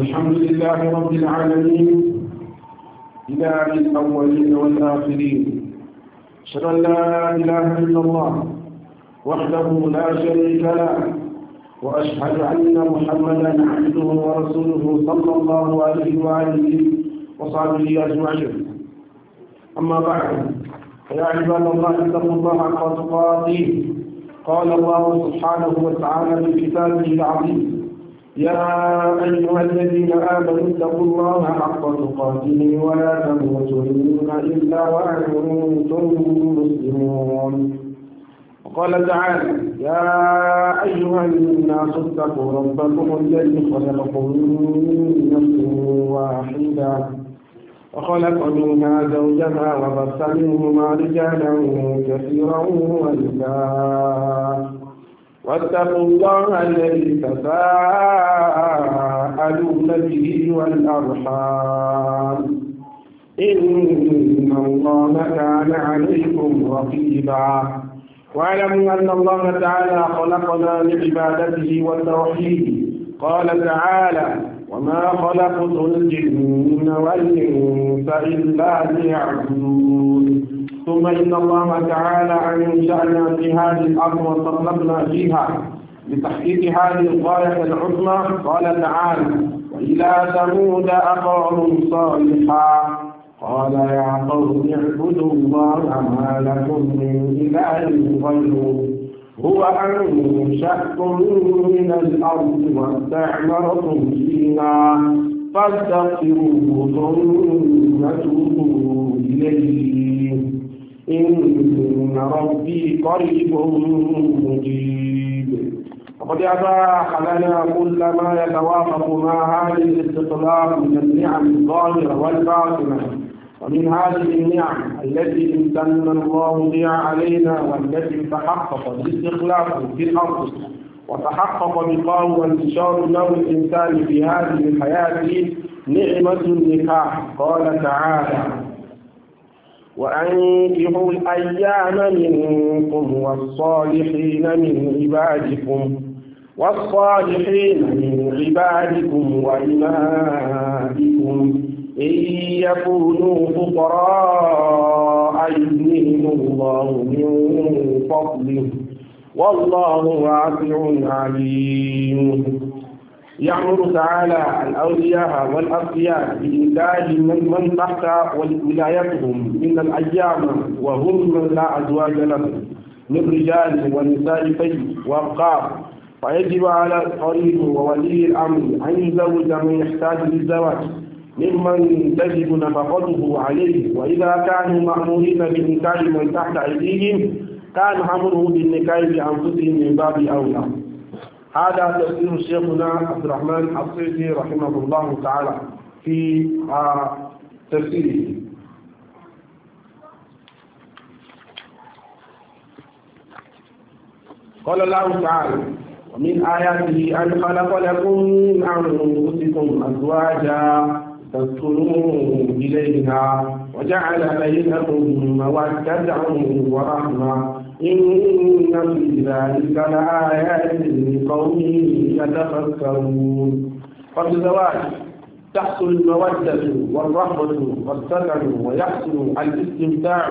الحمد لله رب العالمين إله الأولين والآخرين أشهد أن لا إله إلا الله وحده لا شريك له وأشهد أن محمدا عبده ورسوله صلى الله عليه وآله وصحبه أجمعين أما بعد فيا عباد الله اتقوا الله حق تقاته قال الله سبحانه وتعالى في كتابه العظيم يا أيها الذين آمنوا اتقوا الله حق تقاته ولا تموتن إلا وأنتم مسلمون قال تعالى يا أيها الناس اتقوا ربكم الذي خلقكم من نفس واحدة وخلق منها زوجها وبث منهما رجالا كثيرا ونساء واتقوا الله الذي تساءلون به والأرحام إن الله كان عليكم رقيبا واعلموا أن الله تعالى خلقنا لعبادته والتوحيد قال تعالى وما خلقت الجن والإنس إلا ليعبدون ثم إن الله تعالى أنشأنا في هذه الأرض وصرفنا فيها لتحقيق هذه الغاية العظمى قال تعالى وإلى ثمود أخاهم صالحا قال يا قوم اعبدوا الله ما لكم من إله غيره هو أنشأكم من الأرض واستعمركم فينا فاستغفروه ثم توبوا إليه إن ربي قريب مجيب وقد أباح لنا كل ما يتوافق مع هذه الاستطلاع من النعم الظاهرة والباطنة ومن هذه النعم التي امتن الله بها علينا والتي تحقق الاستخلاف في الأرض وتحقق بقاء وانتشار نوع الإنسان في هذه الحياة نعمة النكاح قال تعالى وأنكحوا الأيام منكم والصالحين من عبادكم والصالحين من عبادكم وإمائكم إن يكونوا فقراء يغنيهم الله من فضله والله واسع عليم يأمر تعالى الأولياء والأصفياء بإنتاج من, من تحت ولايتهم من الأيام وهم من لا أزواج لهم من رجال ونساء طيب وأبقار فيجب على القريب وولي الأمر أن يزوج من يحتاج للزواج ممن تجب نفقته عليه وإذا كانوا مأمورين بإنتاج من تحت أيديهم كان أمره بالنكاح بأنفسهم من باب أولى هذا تفسير شيخنا عبد الرحمن الصيدي رحمه الله تعالى في تفسيره قال الله تعالى ومن آياته أن خلق لكم من أنفسكم أزواجا تسكنوا إليها وجعل بينكم مودة ورحمة إن في ذلك لآيات لقوم يتفكرون ففي الزواج تحصل المودة والرهبة والسكن ويحصل الاستمتاع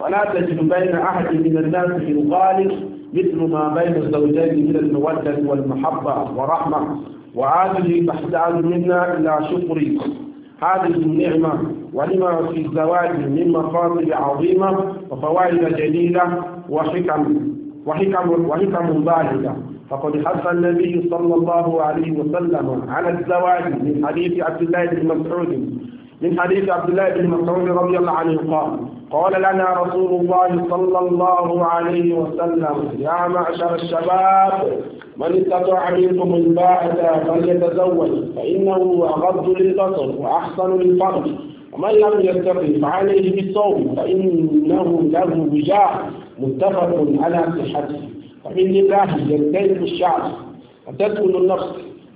ولا تجد بين أحد من الناس في الغالب مثل ما بين الزوجين من المودة والمحبة والرحمة وهذه تحتاج منا إلى شكر هذه النعمة ولما في الزواج من مقاصد عظيمة وفوائد جليلة وحكم وحكم وحكم بالغة فقد حث النبي صلى الله عليه وسلم على الزواج من حديث عبد الله بن مسعود من حديث عبد الله بن مسعود رضي الله عنه قال قال لنا رسول الله صلى الله عليه وسلم يا معشر الشباب من استطاع منكم الباءة فليتزوج فإنه أغض للبصر وأحسن للفرج من لم يتقي فعليه بالصوم فإنه له وجاء متفق على صحته فمن لله يلتزم الشعب وتسكن النفس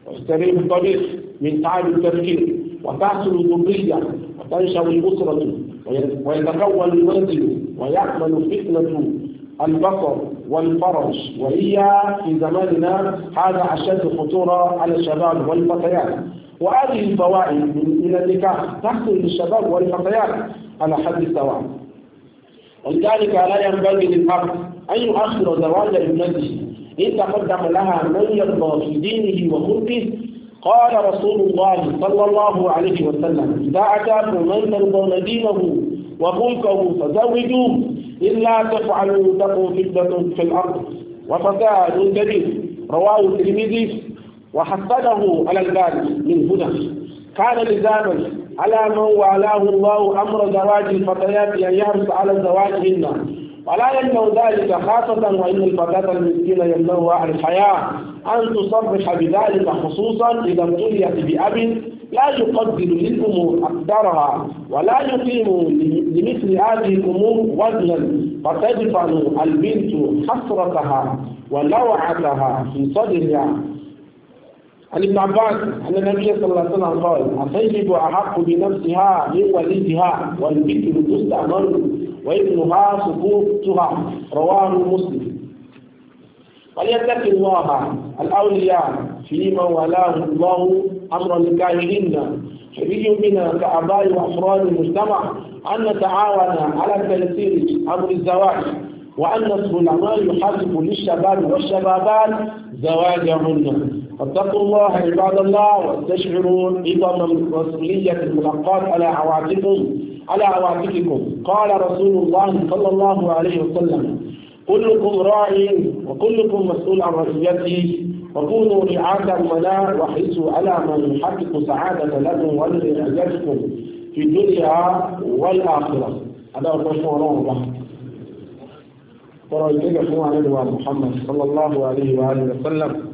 ويستريح الطريق من تعب التفكير وتحصل الذرية وتنشأ الأسرة ويتكون المنزل ويعمل فتنة البصر والفرج وهي في زماننا هذا أشد خطورة على الشباب والفتيات وهذه الفوائد من النكاح تحصل للشباب والفتيات على حد سواء ولذلك لا ينبغي للأب أن يؤخر زواج ابنته إن تقدم لها من يرضى في دينه وخلقه قال رسول الله صلى الله عليه وسلم إذا أتاكم من ترضون دينه وخلقه فزوجوه إلا تفعلوا تقوا فتنة في الأرض وفساد كبير رواه الترمذي وحصله على الباب من هنا كان لزاما على من والاه الله أمر زواج الفتيات أن يحرص على زواجهن ولا يمنع ذلك خاصة وإن الفتاة المسكينة يمنعها الحياة أن تصرح بذلك خصوصا إذا ابتليت بأب لا يقدر للأمور أقدارها ولا يقيم لمثل هذه الأمور وزنا فتدفن البنت حسرتها ولوعتها في صدرها عن ابن عباس أن النبي صلى الله عليه وسلم قال الطيب أحق بنفسها من وليدها والبكر تستعمل وابنها سقوطها رواه مسلم وليتق الله الأولياء فيما ولاه الله امرا الكاهلين حري بنا كاباء وأفراد المجتمع أن نتعاون على تيسير أمر الزواج وأن العلماء يحاسب للشباب والشبابات زواجهن فاتقوا الله عباد الله واستشعروا عظم مسؤولية الملقات على عواتقكم على عواتقكم قال رسول الله صلى الله عليه وسلم كلكم راع وكلكم مسؤول عن رعيته وكونوا رعاة الملاء وحرصوا على من يحقق سعادة لكم ولرعيتكم في الدنيا والآخرة هذا هو الله الله قرأ النبي محمد صلى الله عليه وآله وسلم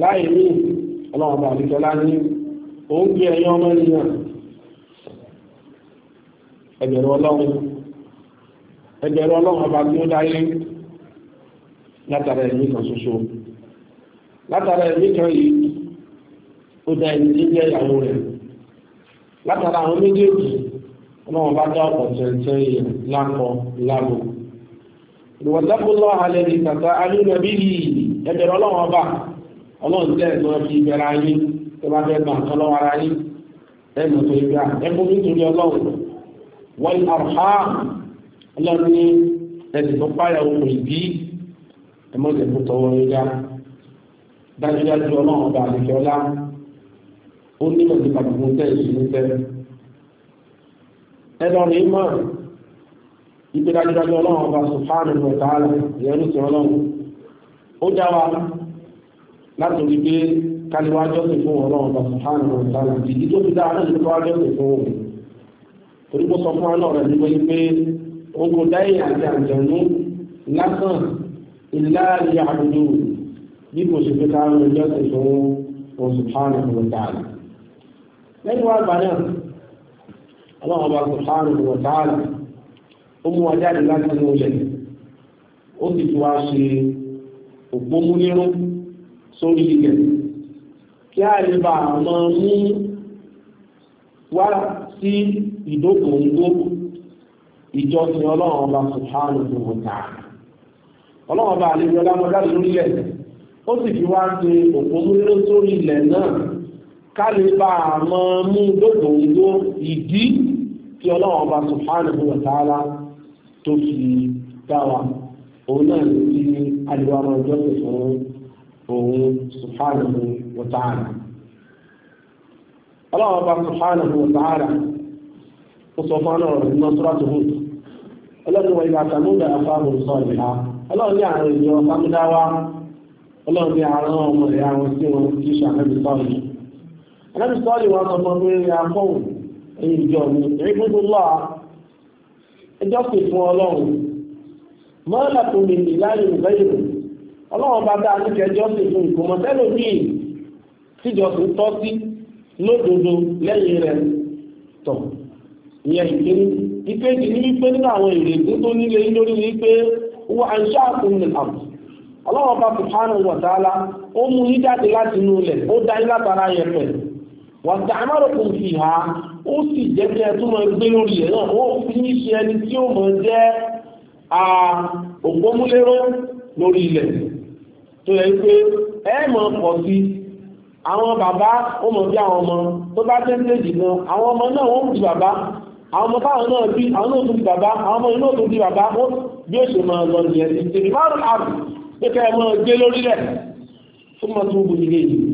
láì ní ọlọ́ọ̀bà àdìsọ́lá ní oúnjẹ ẹ̀yọ́ ọmọ ènìyàn ẹgbẹ̀rún ọlọ́run ẹgbẹ̀rún ọlọ́run ọba tí ó dáyé látara ẹ̀mí kan ṣoṣo látara ẹ̀mí kan yìí ó dá ẹni tí jẹ́ ìyàwó rẹ̀ látara àwọn méjèèjì ọlọ́run bá dá ọ̀pọ̀ tẹ̀ntẹ̀ yẹn lákọ lágbo ìwọ̀n dákúnlọ́ alẹ́ ní tàtà alúnàbí yìí ẹgbẹ̀rún ọlọ́run ọba ọlọ́run tẹ́ ẹ̀mọ́ fi bẹ̀rẹ̀ ayé tó bá fẹ́ gbà kan lọ́wọ́ ara yín ẹ̀mọ́ tó yẹ gbà ẹ̀mọ́ nítorí ọlọ́run wọ́n àrùhá ọlọ́run ní ẹ̀sìn tó páyà òkú ìbí ẹ̀mọ́ ìdẹ̀kú tọwọ́ yẹ gbà dájúdájú ọlọ́run ọba àlejò ọlá ó nílò nípa gbogbo tẹ́ ìṣúná tẹ́ ẹlọ́run ìmọ̀ ìpè dájúdájú ọlọ́run ọba sùfáànù ọ̀tá ìyẹn ló ti ọlọ́run ó dá wa látòrí pé kálíwá jọ́sìn fún ọlọ́run bá sùhánù wọn sálà ìdí tó fi dáa náà ní kọ́wá jọ́sìn fún òun torí kó sọ fún wa náà rẹ̀ nígbà yìí pé ogun dáìyà àti àjẹ̀nú lásán ìlà àdúgbò bí kò sì fi káàró jọ́sìn fún òun sùhánù wọn sálà. lẹ́yìn wá gbà náà ọlọ́run bá sùhánù wọn sálà ó mú wa jáde láti inú ilẹ̀ ó sì fi wá ṣe òpómúlérún sórí ilẹ̀ kí a lè bá àmọ́ mú wá sí ìdókòóngó ìjọsìn ọlọ́run ọba subhanahu wa ta'ala ọlọ́run ọba àlejò ọlámọdá lórí ilẹ̀ ó sì fi wá ṣe òpómúléró sórí ilẹ̀ náà ká lè bá àmọ́ mú dókòóngó ìdí tí ọlọ́run ọba subhanahu wa tó fi dá òun náà ní àlejò ọmọ ìjọsìn fún òun subhanahu wa ta'ala ọlọ́run ọba subhanahu ó sọ fún ọlọ́run ọ̀rọ̀ nínú hù wa ìgbà àtàmúdà afáàmù sọ ìhà ọlọ́run ní àwọn ìjọ sámúdáwá ọlọ́run ní àwọn ọmọ ẹ̀yà wọn sí wọn kí ṣe ànábì sọ́ọ̀lì ànábì sọ́ọ̀lì wọn sọ fún fọ́ọ̀n ẹ̀yìn ìjọ mi gbogbo lọ́ ẹjọ́ fún ọlọ́run bá dáa níjọ jọ́sìn fún ìkòmọ̀ tẹ́lẹ̀ bíi tíjọsìn tọ́ sí lódodo lẹ́yìn rẹ̀ tọ̀ ìyẹn ìkéde ìkéde ní wípé nínú àwọn ìrètí tó nílé lórí wípé wọ́n à ń ṣáàkùn ní àbù ọlọ́run bá subhanahu wa ta'ala ó mú yín jáde láti inú ilẹ̀ ó dá yín látara yẹ̀pẹ̀ wà dàmárùkùn fi hà ó sì jẹ́ kí ẹ tún máa gbé lórí ẹ̀ náà ó fi ń ṣe ẹni tí ó mọ̀ jẹ́ ògbómúlérò lórí ilẹ̀ tó yẹ pé ẹ mọ̀ pọ̀ sí àwọn bàbá ó mọ̀ bí àwọn ọmọ tó bá jẹ́ méjì gan àwọn ọmọ náà wọ́n ti bàbá àwọn ọmọ táwọn náà bí àwọn náà tó di bàbá àwọn ọmọ inú tó di bàbá ó bí ó ṣe máa lọ nìyẹn ìṣèlú márùn àrùn pé ká ẹ mọ gbé lórí rẹ̀ tó mọ tó gbogbo ilé yìí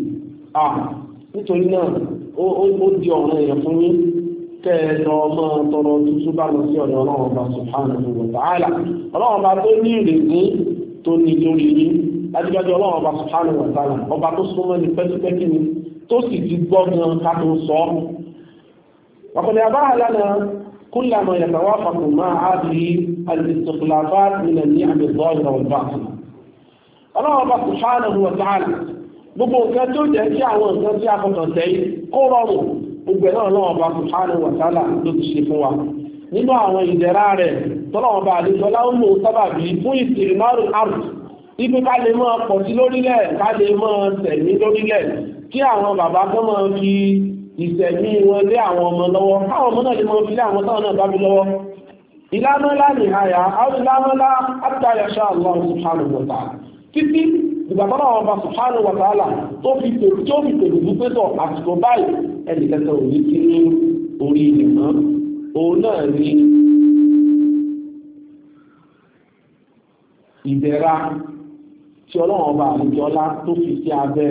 à nítorí náà ó di ọ̀rọ̀ èèyàn fún yín kẹ́ ẹ lọ ọmọ tọrọ tuntun bá lọ sí ọ̀dọ̀ ọlọ́run ọba subhanahu wa adúgbàjọ ọlọ́run ọba sùhánù wàtàlà ọba tó súnmọ́ ní pẹ́kípẹ́kí ni tó sì ti gbọ́ gan ká tó sọ ọ́ ọ̀pọ̀lẹ̀ àbáhà lánàá kúlà mọ̀ yàtọ̀ wá fàkù máa ábí alìsọ̀kùlàfà nílẹ̀ ní àmì ìrọ̀ nínú àwọn ìdẹ̀ra rẹ̀ tọ́lọ́wọ́ bá àdéjọ́lá ń lò sábàbí fún ìsìnmáàrún àrùn ibi ká lè máa pọ̀ sí lórílẹ̀ ká lè máa tẹ̀mí lórílẹ̀ kí àwọn bàbá kan máa fi ìṣẹ̀mí wọn lé àwọn ọmọ lọ́wọ́ káwọn ọmọ náà lè máa fi lé àwọn táwọn náà bá mi lọ́wọ́ ìlànà ńlá ní àyà àwọn ìlànà ńlá àtàyàṣà Allah subhanahu wa ta'ala títí ìgbàgbọ́n àwọn ọba subhanahu wa ta'ala tó fi tèrú tó fi tèrú fún pẹ́tọ̀ àsìkò báyìí ẹnì tí ọlọ́run ọba àlejò ọlá tó fi sí abẹ́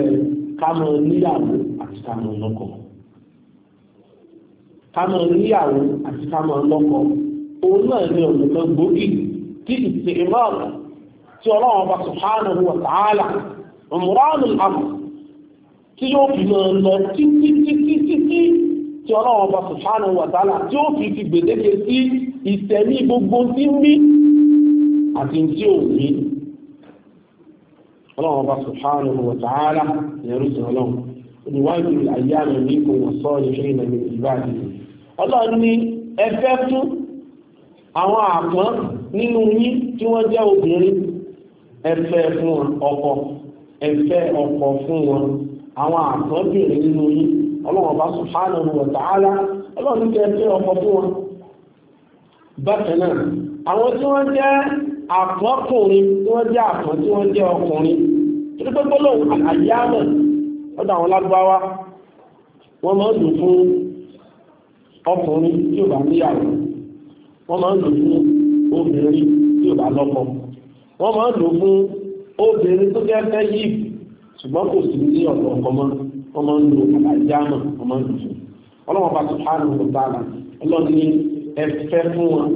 kámọ níyàwó àti kámọ lọ́kọ kámọ níyàwó àti kámọ lọ́kọ òun náà ní ọ̀nà kan gbòógì tí ìsìn ìmọ̀ọ̀nà tí ọlọ́run ọba subhanahu wa ta'ala ọmọránù àmọ̀ tí yóò fi mọ̀ lọ títí títí títí tí ọlọ́run ọba subhanahu wa ta'ala tí ó fi fi gbèdéke sí ìsẹ̀mí gbogbo tí ń bí àti tí ò ní ọlọ́run ọba subhanahu wa ta'ala ẹ̀rú sí ọlọ́run oníwájú àyáàmì ní kò wọ́n sọ ní ṣe ìlànà ìbáàdì ọlọ́run ní ẹfẹ́ fún àwọn àpọ́n nínú yín tí wọ́n jẹ́ obìnrin ẹfẹ́ fún ọkọ ẹfẹ́ ọkọ fún wọn àwọn àpọ́nbìnrin nínú yín ọlọ́run ọba subhanahu wa ta'ala ọlọ́run ní kẹfẹ́ ọkọ fún wọn bákan náà àwọn tí wọ́n jẹ́ àpọ́nkùnrin tí wọ́n jẹ́ àpọ́n tí wọ́n jẹ́ ọkùnrin torí pé gbólóhùn àyámọ̀ lọ́dọ̀ àwọn lágbáwá wọ́n máa ń lò fún ọkùnrin tí ò bá níyàwó wọ́n máa ń lò fún obìnrin tí ò bá lọ́kọ wọ́n máa ń lò fún obìnrin tó fẹ́ fẹ́ yìí ṣùgbọ́n kò sí ní ọ̀dọ̀ ọkọ mọ́ wọ́n máa ń lo àyámọ̀ wọ́n máa ń lò fún ọlọ́wọ́n bá subhanahu wa ta'ala ọlọ́run ní ẹ fẹ́ fún wọn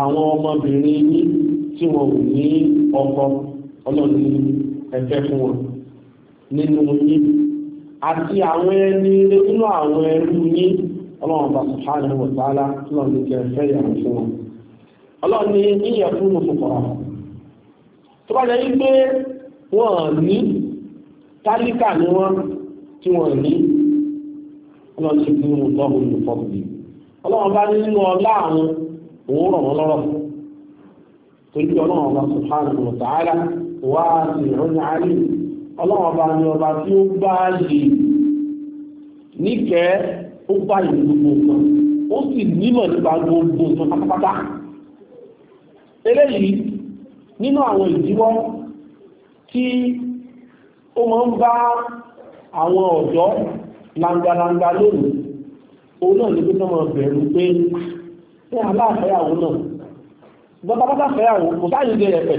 àwọn ọmọbìnrin yìí tí wọn ò ní ọkọ ọlọ́run ní ẹ̀fẹ́ fún wọn nínú yín àti àwọn ẹni nínú àwọn ẹrú yín ọlọ́run bá subhanahu wa ta'ala tí fún wọn ọlọ́run ní yíyẹ fún mi fòkòrò tó ti fún mi ní ọlọ́run bá nínú ọlá àwọn òun rọ̀ wọ́n lọ́rọ̀ torí ọlọ́run bá wà ní ìrìn àárí ọlọ́wọ́ bá ní ọba tí ó bá yè níkẹ́ ó bá yè gbogbo nǹkan ó sì nímọ̀ nípa gbogbo nǹkan pátápátá eléyìí nínú àwọn ìdíwọ́ tí ó máa ń bá àwọn ọ̀dọ́ langalanga lónìí òun náà ní pé kọ́ bẹ̀rù pé ní aláàfẹ́yàwó náà bọ́tà kò sáyé jẹ́ ẹ̀pẹ̀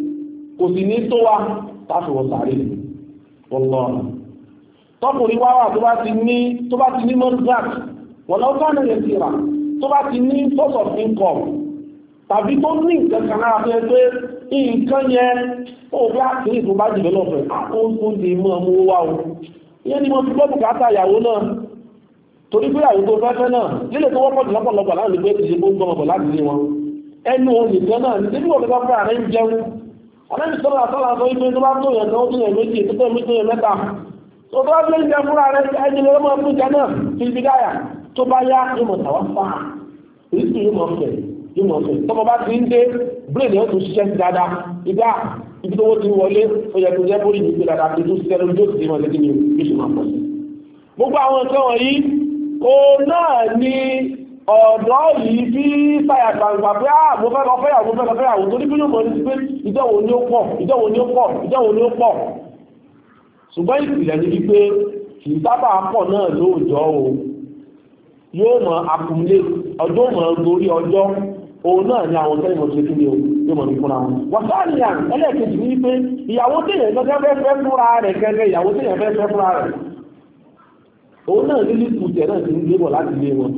kò sì ní tó wa táfìwọ̀ sàárè wọ́lọ́rùn tọkùnrin wá wà tó bá ti ní tó bá ti ní mọ́rùgbàt wọ̀lọ́fánà lè ti rà tó bá ti ní source of income tàbí tó ní nǹkan kan náà fẹ́ pé nǹkan yẹn ó bá kí ìtò bá jùlọ lọ́fẹ̀ ó ń di mọ́ ọmọ owó wá o ìyẹn ni mo fi gbọ́ bùkátà ìyàwó náà torí pé àwọn tó fẹ́fẹ́ náà lílé tó wọ́pọ̀ jù lọ́pọ̀lọpọ̀ láti gbé ti ṣe gbóngbọ̀n ọ̀pọ̀ láti lé wọn ẹnu òun nìkan náà nítorí wọn fẹ́ fẹ́ àárẹ̀ ń jẹun àlẹ́bí sọ́rọ̀ àtọ́lá sọ ibi tó bá tó yẹn tó tó yẹn méjì tó tó yẹn méjì mẹ́ta tó tó bá tó yẹn fúnra rẹ ẹni lọ́mọ fún jẹ náà fi fi dáyà tó bá yá ìmọ̀ tàwa fà á èyí sì yóò mọ̀ fẹ̀ yóò mọ̀ fẹ̀ tọ́mọ bá ti ń dé brain yóò tún ṣiṣẹ́ sí dáadáa ibà ibi tó wọ́n ti wọlé ó yẹ kó jẹ́ bórí mi pé dáadáa tó tún ṣiṣẹ́ lórí yóò ti mọ̀ lẹ́gbẹ̀ẹ́ mi yóò sì máa pọ̀ sí. gbogbo àwọn nǹkan wọ̀nyí òun náà ní ọ̀dọ́ yìí bí fàyà gbangba pé ah mo fẹ́ lọ fẹ́yàwó mo fẹ́ lọ fẹ́yàwó torí bí yóò mọ̀ ní pé ìjọ́wò ni ó pọ̀ ìjọ́wò ni ó pọ̀ ìjọ́wò ni ó pọ̀ ṣùgbọ́n ìpìlẹ̀ ni wípé kì í sábà pọ̀ náà lóòjọ́ o yóò mọ akumule ọjọ́ mọ̀ gorí ọjọ́ òun náà ni àwọn tẹ́lẹ̀ mọ̀tò kí ni o yóò mọ̀ ní fúnra wọn. wàsáàlì à ẹlẹ́ẹ̀kejì ní pé ìyàwó téèyàn gẹ́gẹ́ fẹ́ fẹ́ fúnra rẹ̀ gẹ́gẹ́ ìyàwó téèyàn fẹ́ fẹ́ fúnra rẹ̀ òun náà nílùú kùtẹ̀ náà ti ń gbé láti lé wọn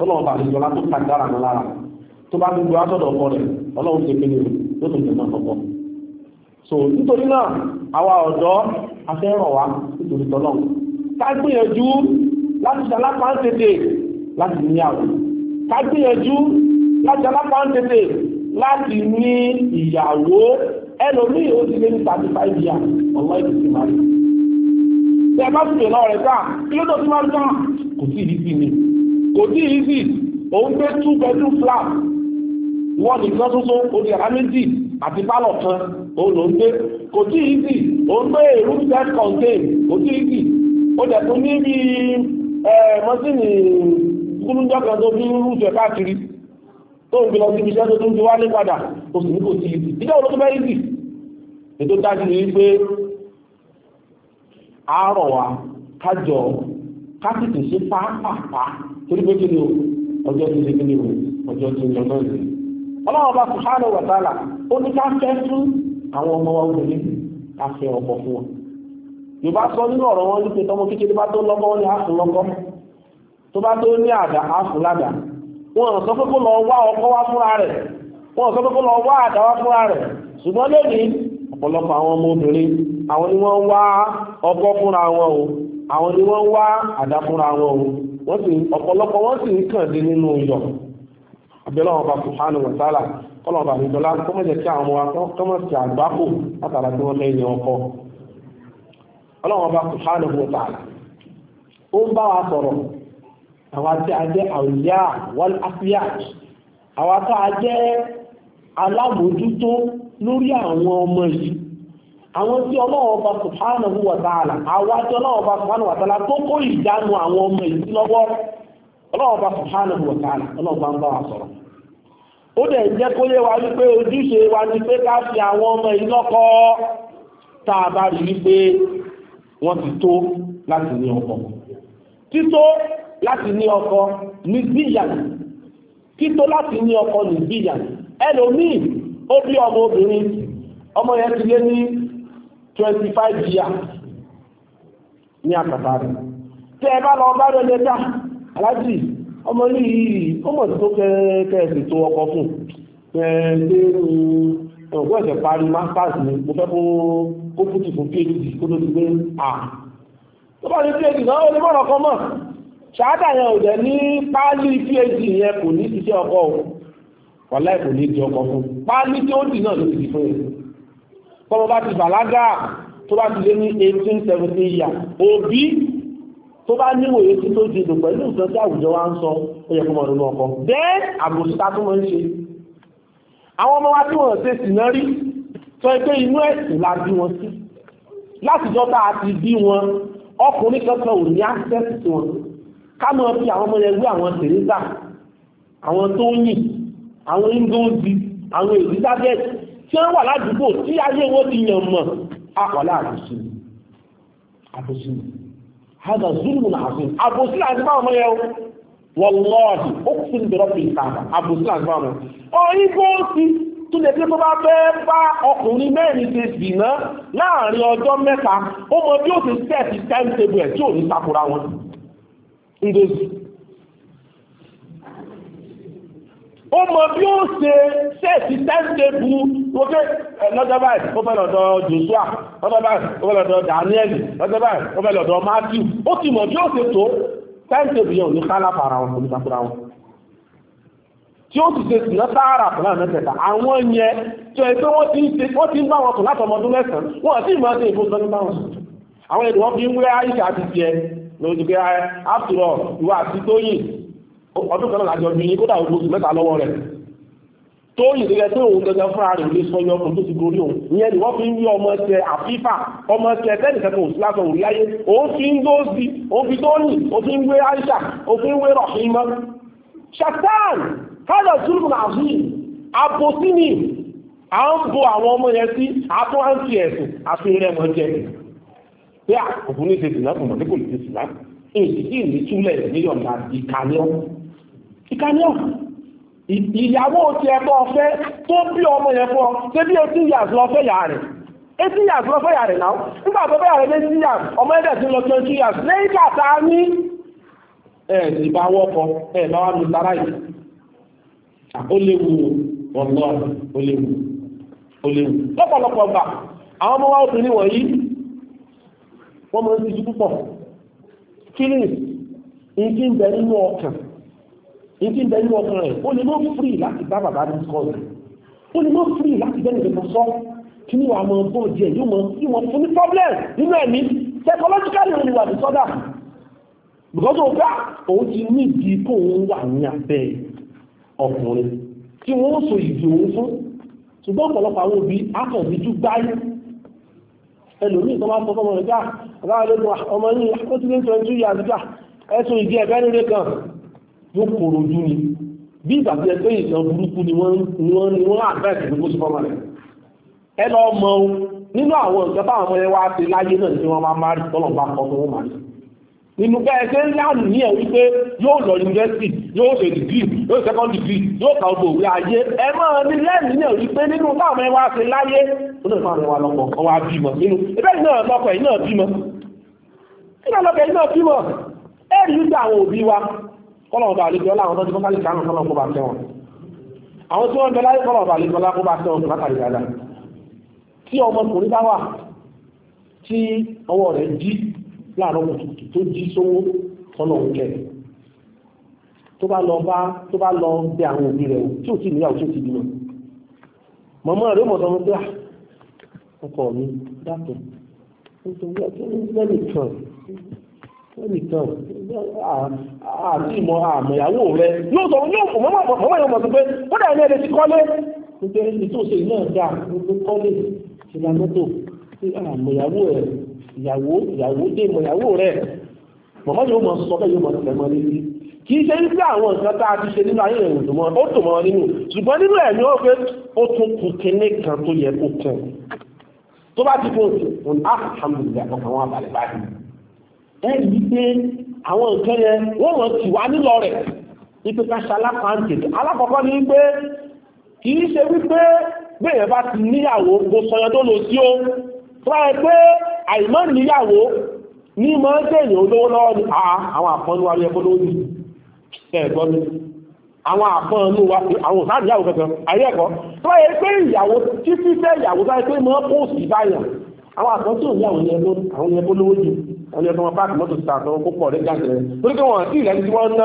tọ́lọ́wọ́ bá àdìjọ́lá tó kàdára ní lára tó bá gbogbo àtọ̀dọ̀ ọkọ rẹ̀ ọlọ́run ti pinnu ló tó jẹ́ mọ́tọ́kọ́ so nítorí náà àwa ọ̀dọ́ afẹ́ràn wa nítorí tọ́lọ́ ká gbìyànjú láti ṣalápá ń tètè láti níyàwó ká gbìyànjú láti ṣalápá ń tètè láti ní ìyàwó ẹlòmíì ó ti lé ní thirty five years ọ̀lọ́ ìdí sí màrí. tẹ bá sì lọ rẹ̀ ká kí ló tó ti máa ń ká kò sí ìdí sí ni kò tí easy òun gbé two bedroom flat wọ́n tuntun odi àrá méjì àti pálọ̀ kan òun ló ń gbé kò dị easy òun gbé èrú self contained kò tí easy ó ní bí mọ́sínì kúlúńjọ́ kan tó fi ń káàkiri tó ń iṣẹ́ ti wá ní padà kò sì ní kò òun ló torí pé kí ni o ọjọ́ ti ṣe kí ni o ọjọ́ ti lọ náà sí. ọlọ́run bá subhanahu wa ta'ala ó ní ká fẹ́ fún àwọn ọmọ wa obìnrin ká fẹ́ ọkọ fún wọn. yorùbá sọ nínú ọ̀rọ̀ wọn wípé tọmọ kékeré bá tó lọ́kọ́ wọn ni á fún lọ́kọ́ tó bá tó ní àdá á fún ládà wọn ò sọ pé kó lọ wá ọkọ wá fúnra rẹ̀ wọn ò sọ pé kó lọ wá àdá wá fúnra rẹ̀ ṣùgbọ́n lónìí ọ̀pọ̀lọpọ̀ àwọn ọmọ obìnrin àwọn ni wọ́n wá ọkọ fúnra wọn o àwọn ni wọ́n wá àdá fúnra wọn o wọ́n sì ọ̀pọ̀lọpọ̀ wọ́n sì ń kàn dé nínú yọ̀ abẹ́lẹ́ ọba sùhánù wàtálà kọ́lọ̀ ọba àdìjọlá kọ́mọ̀jẹ̀ kí àwọn ọmọ kọ́mọ̀sì àgbákò látara tí wọ́n lẹ́yìn ọkọ ọlọ́run ọba sùhánù wàtálà ó ń bá wa sọ̀rọ̀ àwa tí a jẹ́ àwùyá wal afiyá àwa tá a jẹ́ alábòójútó lórí àwọn ọmọ yìí àwọn tí ọlọ́wọ́ ọba subhanahu wa ta'ala àwọn tí ọlọ́wọ́ ọba subhanahu wa ta'ala tó kó ìdánu àwọn ọmọ ìlú lọ́wọ́ ọlọ́wọ́ ọba subhanahu wa ta'ala ọlọ́wọ́ ń bá wa sọ̀rọ̀ ó dẹ̀ jẹ́ kó yé wa wípé ojúṣe wa ni pé ká fi àwọn ọmọ ìlú lọ́kọ́ tá a bá rí wípé wọ́n ti tó láti ní ọkọ tító láti ní ọkọ ní bíyàn tító láti ní ọkọ ní bíyàn ẹlòmíì ó bí ọmọ obìnrin ọmọ yẹn ti lé ní twenty five years ní àkàtà rẹ̀ tẹ ẹ bá lọ bá rẹ lẹ́tà aláàjì ọmọ ní yìí ọmọ tó kẹ́ẹ̀kẹ́ sì tó ọkọ̀ fún ẹ̀ẹ́dẹ́rù ọ̀gbọ́n ẹ̀sẹ̀ parí masters ni mo fẹ́ fún kófútì fún phd kó ló ti gbé à tó bá ní phd náà ó ní bọ̀rọ̀ kan mọ̀ ṣáádà yẹn ò dẹ̀ ní páálí phd yẹn kò ní ti ṣe ọkọ̀ o wàláì kò ní di ọkọ̀ fún páálí tí ó dì náà ló ti di fún yẹn bọ́mọ bá ti bàlágà tó bá ti lé ní 1870 years òbí tó bá níwòye tí tó dìdò pẹ̀lú nǹkan tí àwùjọ wa ń sọ ó yẹ kọmọ nínú ọkọ bẹ́ẹ̀ àbòsíta tó mọ́ ń ṣe àwọn ọmọ wa tí wọ́n ṣe sì náà rí sọ pé inú ẹ̀sìn la bí wọn sí látijọ́ tá a ti bí wọn ọkùnrin kankan ò ní access sí wọn ká mọ̀ fi àwọn ọmọ yẹn wí àwọn Teresa àwọn Tóyìn àwọn Ngozi àwọn Elizabeth tí wọ́n wà ládùúgbò tí ayé wọn ti yàn mọ̀ àpàlà àbòsí àbòsí hada zulmu na àbòsí àbòsí àti báwọn ọmọ yẹn wọlọ́ọ̀dì ó kù fún ìdọ̀rọ̀ fi ìtàbà àbòsí àti báwọn ọmọ ọ̀rí bóòsì tó lè pé tó bá fẹ́ bá ọkùnrin mẹ́rin ti dìná láàrin ọjọ́ mẹ́ta ó mọ bí ó ti sẹ́ẹ̀tì time table ẹ̀ tí ò ní takora wọn. ndozi ó mọ bí ó ṣe ṣẹ́ẹ̀sì tẹ́ǹtẹ́bù ok, pé lọ́jọ́ báyìí ó fẹ́ lọ́dọ̀ Joshua lọ́jọ́ báyìí ó fẹ́ lọ́dọ̀ Daniel lọ́jọ́ báyìí ó fẹ́ lọ́dọ̀ Matthew ó ti mọ̀ bí ó ṣe tó tẹ́ǹtẹ́bù yẹn ò ní kálá fara wọn kò ní kakura wọn tí ó ti ṣe sùnà sáárà fúnà mẹ́tẹ̀ẹ̀ta àwọn yẹn tó ẹ pé wọ́n ti ń ṣe wọ́n ti ń bá wọn sùn látọmọ ọdún mẹ́sàn-án wọ́n ti máa ṣe ìfowópamọ́ bá wọn sùn àwọn èdè wọn fi ń ọdún kan náà àjọ bí kódà ogun oṣù mẹ́ta lọ́wọ́ rẹ̀ tó ìdílé pé òun gẹ́gẹ́ fúnra rẹ̀ lè sọyọ ọkùnrin tó ti gorí òun ìyẹn ni wọ́n fi ń rí ọmọ ẹsẹ̀ àfífà ọmọ ẹsẹ̀ tẹ́nìkan kò sí lásán òrí ayé òun fi ń gbó sí òun fi tó nì òun fi ń wé Aisha òun fi ń wé rọ̀ṣìmọ́ Shatan kádà túlùmù àfi àbòsí ni à ń bo àwọn ọmọ yẹn sí àtún àǹtí ẹ̀sùn àfi rẹ̀ mọ́ jẹ́ pé àkùnkùn ní ti sì lákùnmọ̀ ní èyí tí ìlú túlẹ̀ níyọ̀nà ìkàlẹ́ ìyàwó ti ẹ̀kọ́ ọ̀fẹ́ tó bí ọmọ yẹn fọ́ ṣé bí etí yàtọ̀ ọ̀fẹ́ yà rẹ̀ etí yàtọ̀ ọ̀fẹ́ yà rẹ̀ náà nígbà tó bẹ́yà rẹ̀ létí yà ọmọ ẹ̀dẹ̀ tí lọ ní ẹ̀ ìbá wọ́kọ ẹ̀ sára yìí ó léwu ọ̀nà ó léwu lọ́pọ̀lọpọ̀ gbà àwọn ọmọ wa obìnrin wọ̀nyí wọ́n mọ̀ ń killings ìdí ń bẹ nínú ọkàn ìdí ń bẹ nínú ọkàn rẹ̀ ó lè mọ́ free láti bá bàbá ní sọ́ọ̀lù ó lè mọ́ free láti bẹ́ẹ̀ nìkan sọ́ kí ni wàá mọ bó díẹ̀ yóò mọ kí fún ní problem nínú ẹ̀mí psychologically wọ́n lè wà ní sọ́dà because ọ̀gá òun ti ní ìdí kó òun wà ní abẹ́ ọkùnrin tí wọ́n sọ ìdí òun fún ṣùgbọ́n ọ̀pọ̀lọpọ̀ àwọn òbí akọ̀bí jú gbáyé ẹlòmíì tó máa sọ fọ́mọ rẹ̀ ah, aláàlẹ́gbà ọmọ ní ó ti lé 22 years gbà ẹ̀sùn ìdí ẹ̀bẹ́ nílé kan ló kòrò ojú ni bí ìgbàgbé ẹgbẹ́ ìtàn burúkú ni wọ́n ní wọ́n àbẹ́ẹ̀kì gbogbo sí fọ́mà rẹ̀ ẹ lọ nínú àwọn nǹkan táwọn ọmọ ti láyé náà tí wọ́n máa máa tọ́lọ̀ bá kọ́ tó wọ́n máa nínú bẹ́ẹ̀ ṣe ń láàánú ní ẹ̀ wípé yóò lọ yunifásitì yóò ṣe dìgírì yóò ṣe sẹ́kọ́ndì dìgírì yóò ka gbogbo òwe ayé ẹ máa ní lẹ́ẹ̀mí náà wípé nínú báwọn ẹwà ṣe láyé ó náà fáwọn ẹwà lọ́pọ̀ ọwọ́ abímọ nínú ibẹ̀ náà lọ́kọ̀ yìí náà bímọ nígbà lọ́kọ̀ yìí náà bímọ ẹ rí nígbà àwọn òbí wa kọ́lọ̀ ọba àlejò ọlá àwọn tọ́jú kọ́kálì kánú kọ́lọ̀ kó bá tẹ́ wọn àwọn tí wọ́n bẹ láyé ọmọkùnrin bá wà tí ọwọ́ rẹ̀ jí láàárọ̀ kùtùkùtù tó jí sówó tọ́nà oúnjẹ tó bá lọ bá tó bá lọ bẹ àwọn òbí rẹ̀ tí ò tí níyàwó tí ti bímọ mọ̀mọ́ rẹ̀ mọ̀ sọmọ pé ah, ọkọ mi dákẹ́ lẹ́nìkan àti ìmọ̀ àmọ̀ ìyàwó rẹ̀ yóò sọ yóò fò mọ́mọ́ àpọ̀ mọ̀ sí pé ó dà ní ẹ̀rẹ́ ti kọ́lé nítorí ìtòsí náà dáa gbogbo kọ́lé ìlànà tó ah, àmọ̀ ìyàwó rẹ̀ ìyàwó ìyàwó dé mọ ìyàwó rẹ̀ mọ̀mọ́ yóò mọ̀ sọ bẹ́ẹ̀ yóò mọ̀ tẹ̀mọ́ létí kì í ṣe ń gbé àwọn nǹkan tá a ti ṣe nínú ayé ìrìn tó mọ́ ó tò mọ́ nínú ṣùgbọ́n nínú ẹ̀ ni ó pé ó tún kù kíní kan tó yẹ kó kàn tó bá ti kó òun alhamdulillah ọkàn wọn abalẹ̀ báyìí ẹ yí pé àwọn nǹkan yẹn wọ́n wọ́n ti wá nílọ rẹ̀ ipe ká ṣe alápáǹtì alákọ̀ọ́kọ́ wípé kì í ti níyàwó gbó tó lò sí ó tó ẹ pé ní mọ́ tẹ̀yìn olówó lọ́wọ́ ni ah, àwọn àpọ́nú wa yẹ kó lówó yìí ẹ̀gbọ́n mi àwọn àpọ́nú wa àwọn òsáàdì ìyàwó kankan tó ẹ pé ìyàwó títí fẹ́ ìyàwó tó ẹ pé mọ́ kó lówó yìí àwọn yẹ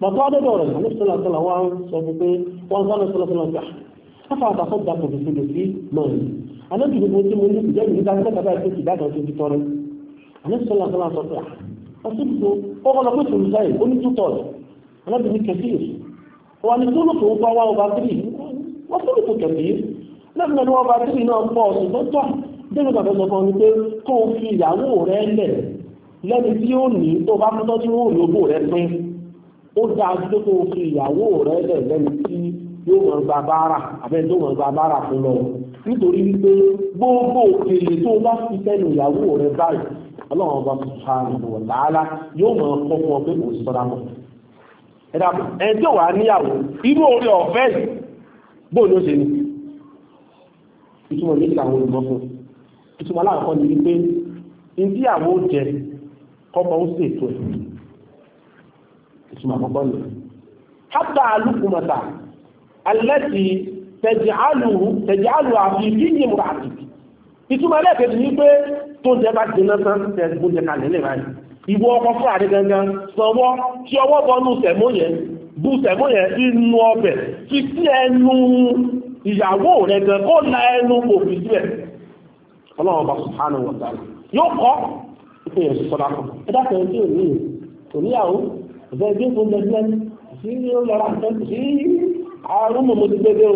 bàtà àdọ́dọ̀ rẹ̀ ní sọ́lọ́sọ́lọ́ wa ń sọ pé wọ́n sọ́lọ́ sọ́lọ́sọ́lọ́ gbà káfà àtàkọ́ da kò fèsì lè fi mọ̀ ní anájú gbogbo tí mo ní ìjẹ́ ìdíjà ní kẹta báyìí tó ti dákan tó ti tọrẹ àní sọ́lọ́sọ́lọ́ sọ pé ọsibítù ah, ọkọlọ pé tòun sáyé ó ní tútọ̀ anájú ní kẹfì wà ní tóun tó bá wá ọba tírì wọ́n tó lè tó kẹfì lẹ́nu ẹni ọba tírì náà pọ̀ ṣùgbọ́n tó débi bàbá sọ fún mi pé kó o fi ìyàwó rẹ lẹ̀ lẹ́ni tí ó ní tó bá tó tọ́jú òyìnbó rẹ pín ó dájú tó tó fi ìyàwó rẹ̀ lẹ̀ lẹ́nu tí yóò mọ̀ gba báárà àbẹ́ni tó mọ̀ gba báárà fún lọ nítorí wípé gbogbo òkèlè tó bá fi tẹnu ìyàwó rẹ̀ báyìí ọlọ́run ọba subhanahu wa ta'ala yóò mọ̀ kọ́kọ́ pé kò sọ́ra mọ̀ ẹ̀dá ẹni tó wà níyàwó irú orí ọ̀fẹ́ yìí bóò ló ṣe ni ìtumọ̀ méjì àwọn olùmọ̀ fún ìtumọ̀ aláàkọ́ ni wípé ìdíyàwó jẹ kọ́mọ ó ṣètò ẹ̀ ìtumọ̀ àkọ́kọ́ ni hátà alùpùmọ̀tà alẹ́tì tẹ̀jìálù tẹ̀jìálù àfi yíyí mú àti ìtumọ̀ ẹlẹ́ẹ̀kejì ní pé tó ń jẹba jìnnà tán tẹ̀gbọ́n jẹ kalẹ̀ lè báyìí ìwọ ọkọ̀ fún àrẹ na ẹnu òfin sílẹ̀ ọlọ́run bá subhanahu wa ta'ala yóò kọ́ ìpínyẹ̀ sọ́dá kan ẹ dákẹ́ ẹ tí ò ní ìyàwó ọ̀sẹ̀dí fún gbẹgbẹ́ sí lọ́la sí arúmù mo ti gbẹgbẹ́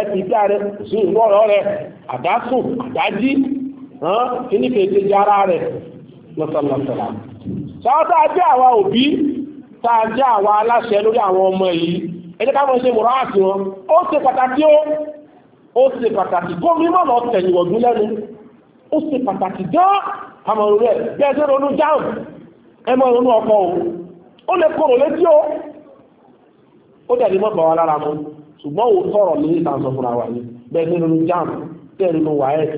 ẹ̀kì ìjà rẹ̀ sí ìwọ́rọ̀ rẹ̀ àdásùn àdájí kíníkèéjì ara rẹ̀ lọ́sọ̀lọ́sọ̀lá sọ́ọ́tà jẹ́ àwa òbí tá a jẹ́ àwa aláṣẹ lórí àwọn ọmọ yìí ẹjẹ́ ká mọ̀ ṣe mọ̀rọ̀ àti wọn ó ṣe pàtàkì ó ó ọkọ̀ ó lè kòrò létí ó ó dẹ̀ ní mọ́ bàwá lára mú ṣùgbọ́n ò tọ̀rọ̀ ní ìtànsọ fúnra wà ní bẹ́ẹ̀ nínú jam bẹ́ẹ̀ nínú waec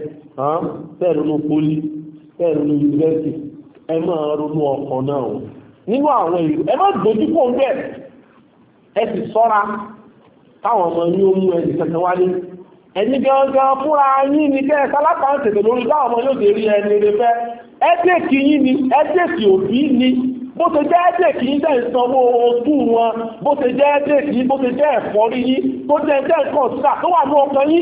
bẹ́ẹ̀ nínú poli bẹ́ẹ̀ nínú yunifásitì ẹ máa ronú ọkọ̀ náà o nínú àwọn ìlú ẹ má dojú kò ń ẹ sì sọ́ra táwọn ọmọ yín mú ẹ sì wálé ẹni gangan fúnra yín ni kẹ́ ẹ sálápá ń tètè lórí táwọn ọmọ yóò dé rí ẹni rẹ fẹ́ ẹ tèkì yín ni ẹ tèkì òbí ni bó ṣe jẹ́ ẹ́dẹ̀ kì í jẹ́ ìsanwó oṣù wọn bó ṣe jẹ́ ẹ́dẹ̀ kì í bó ṣe jẹ́ ẹ̀fọ́rí yí tó jẹ́ jẹ́ nǹkan ṣíṣà tó wà ní ọkàn yí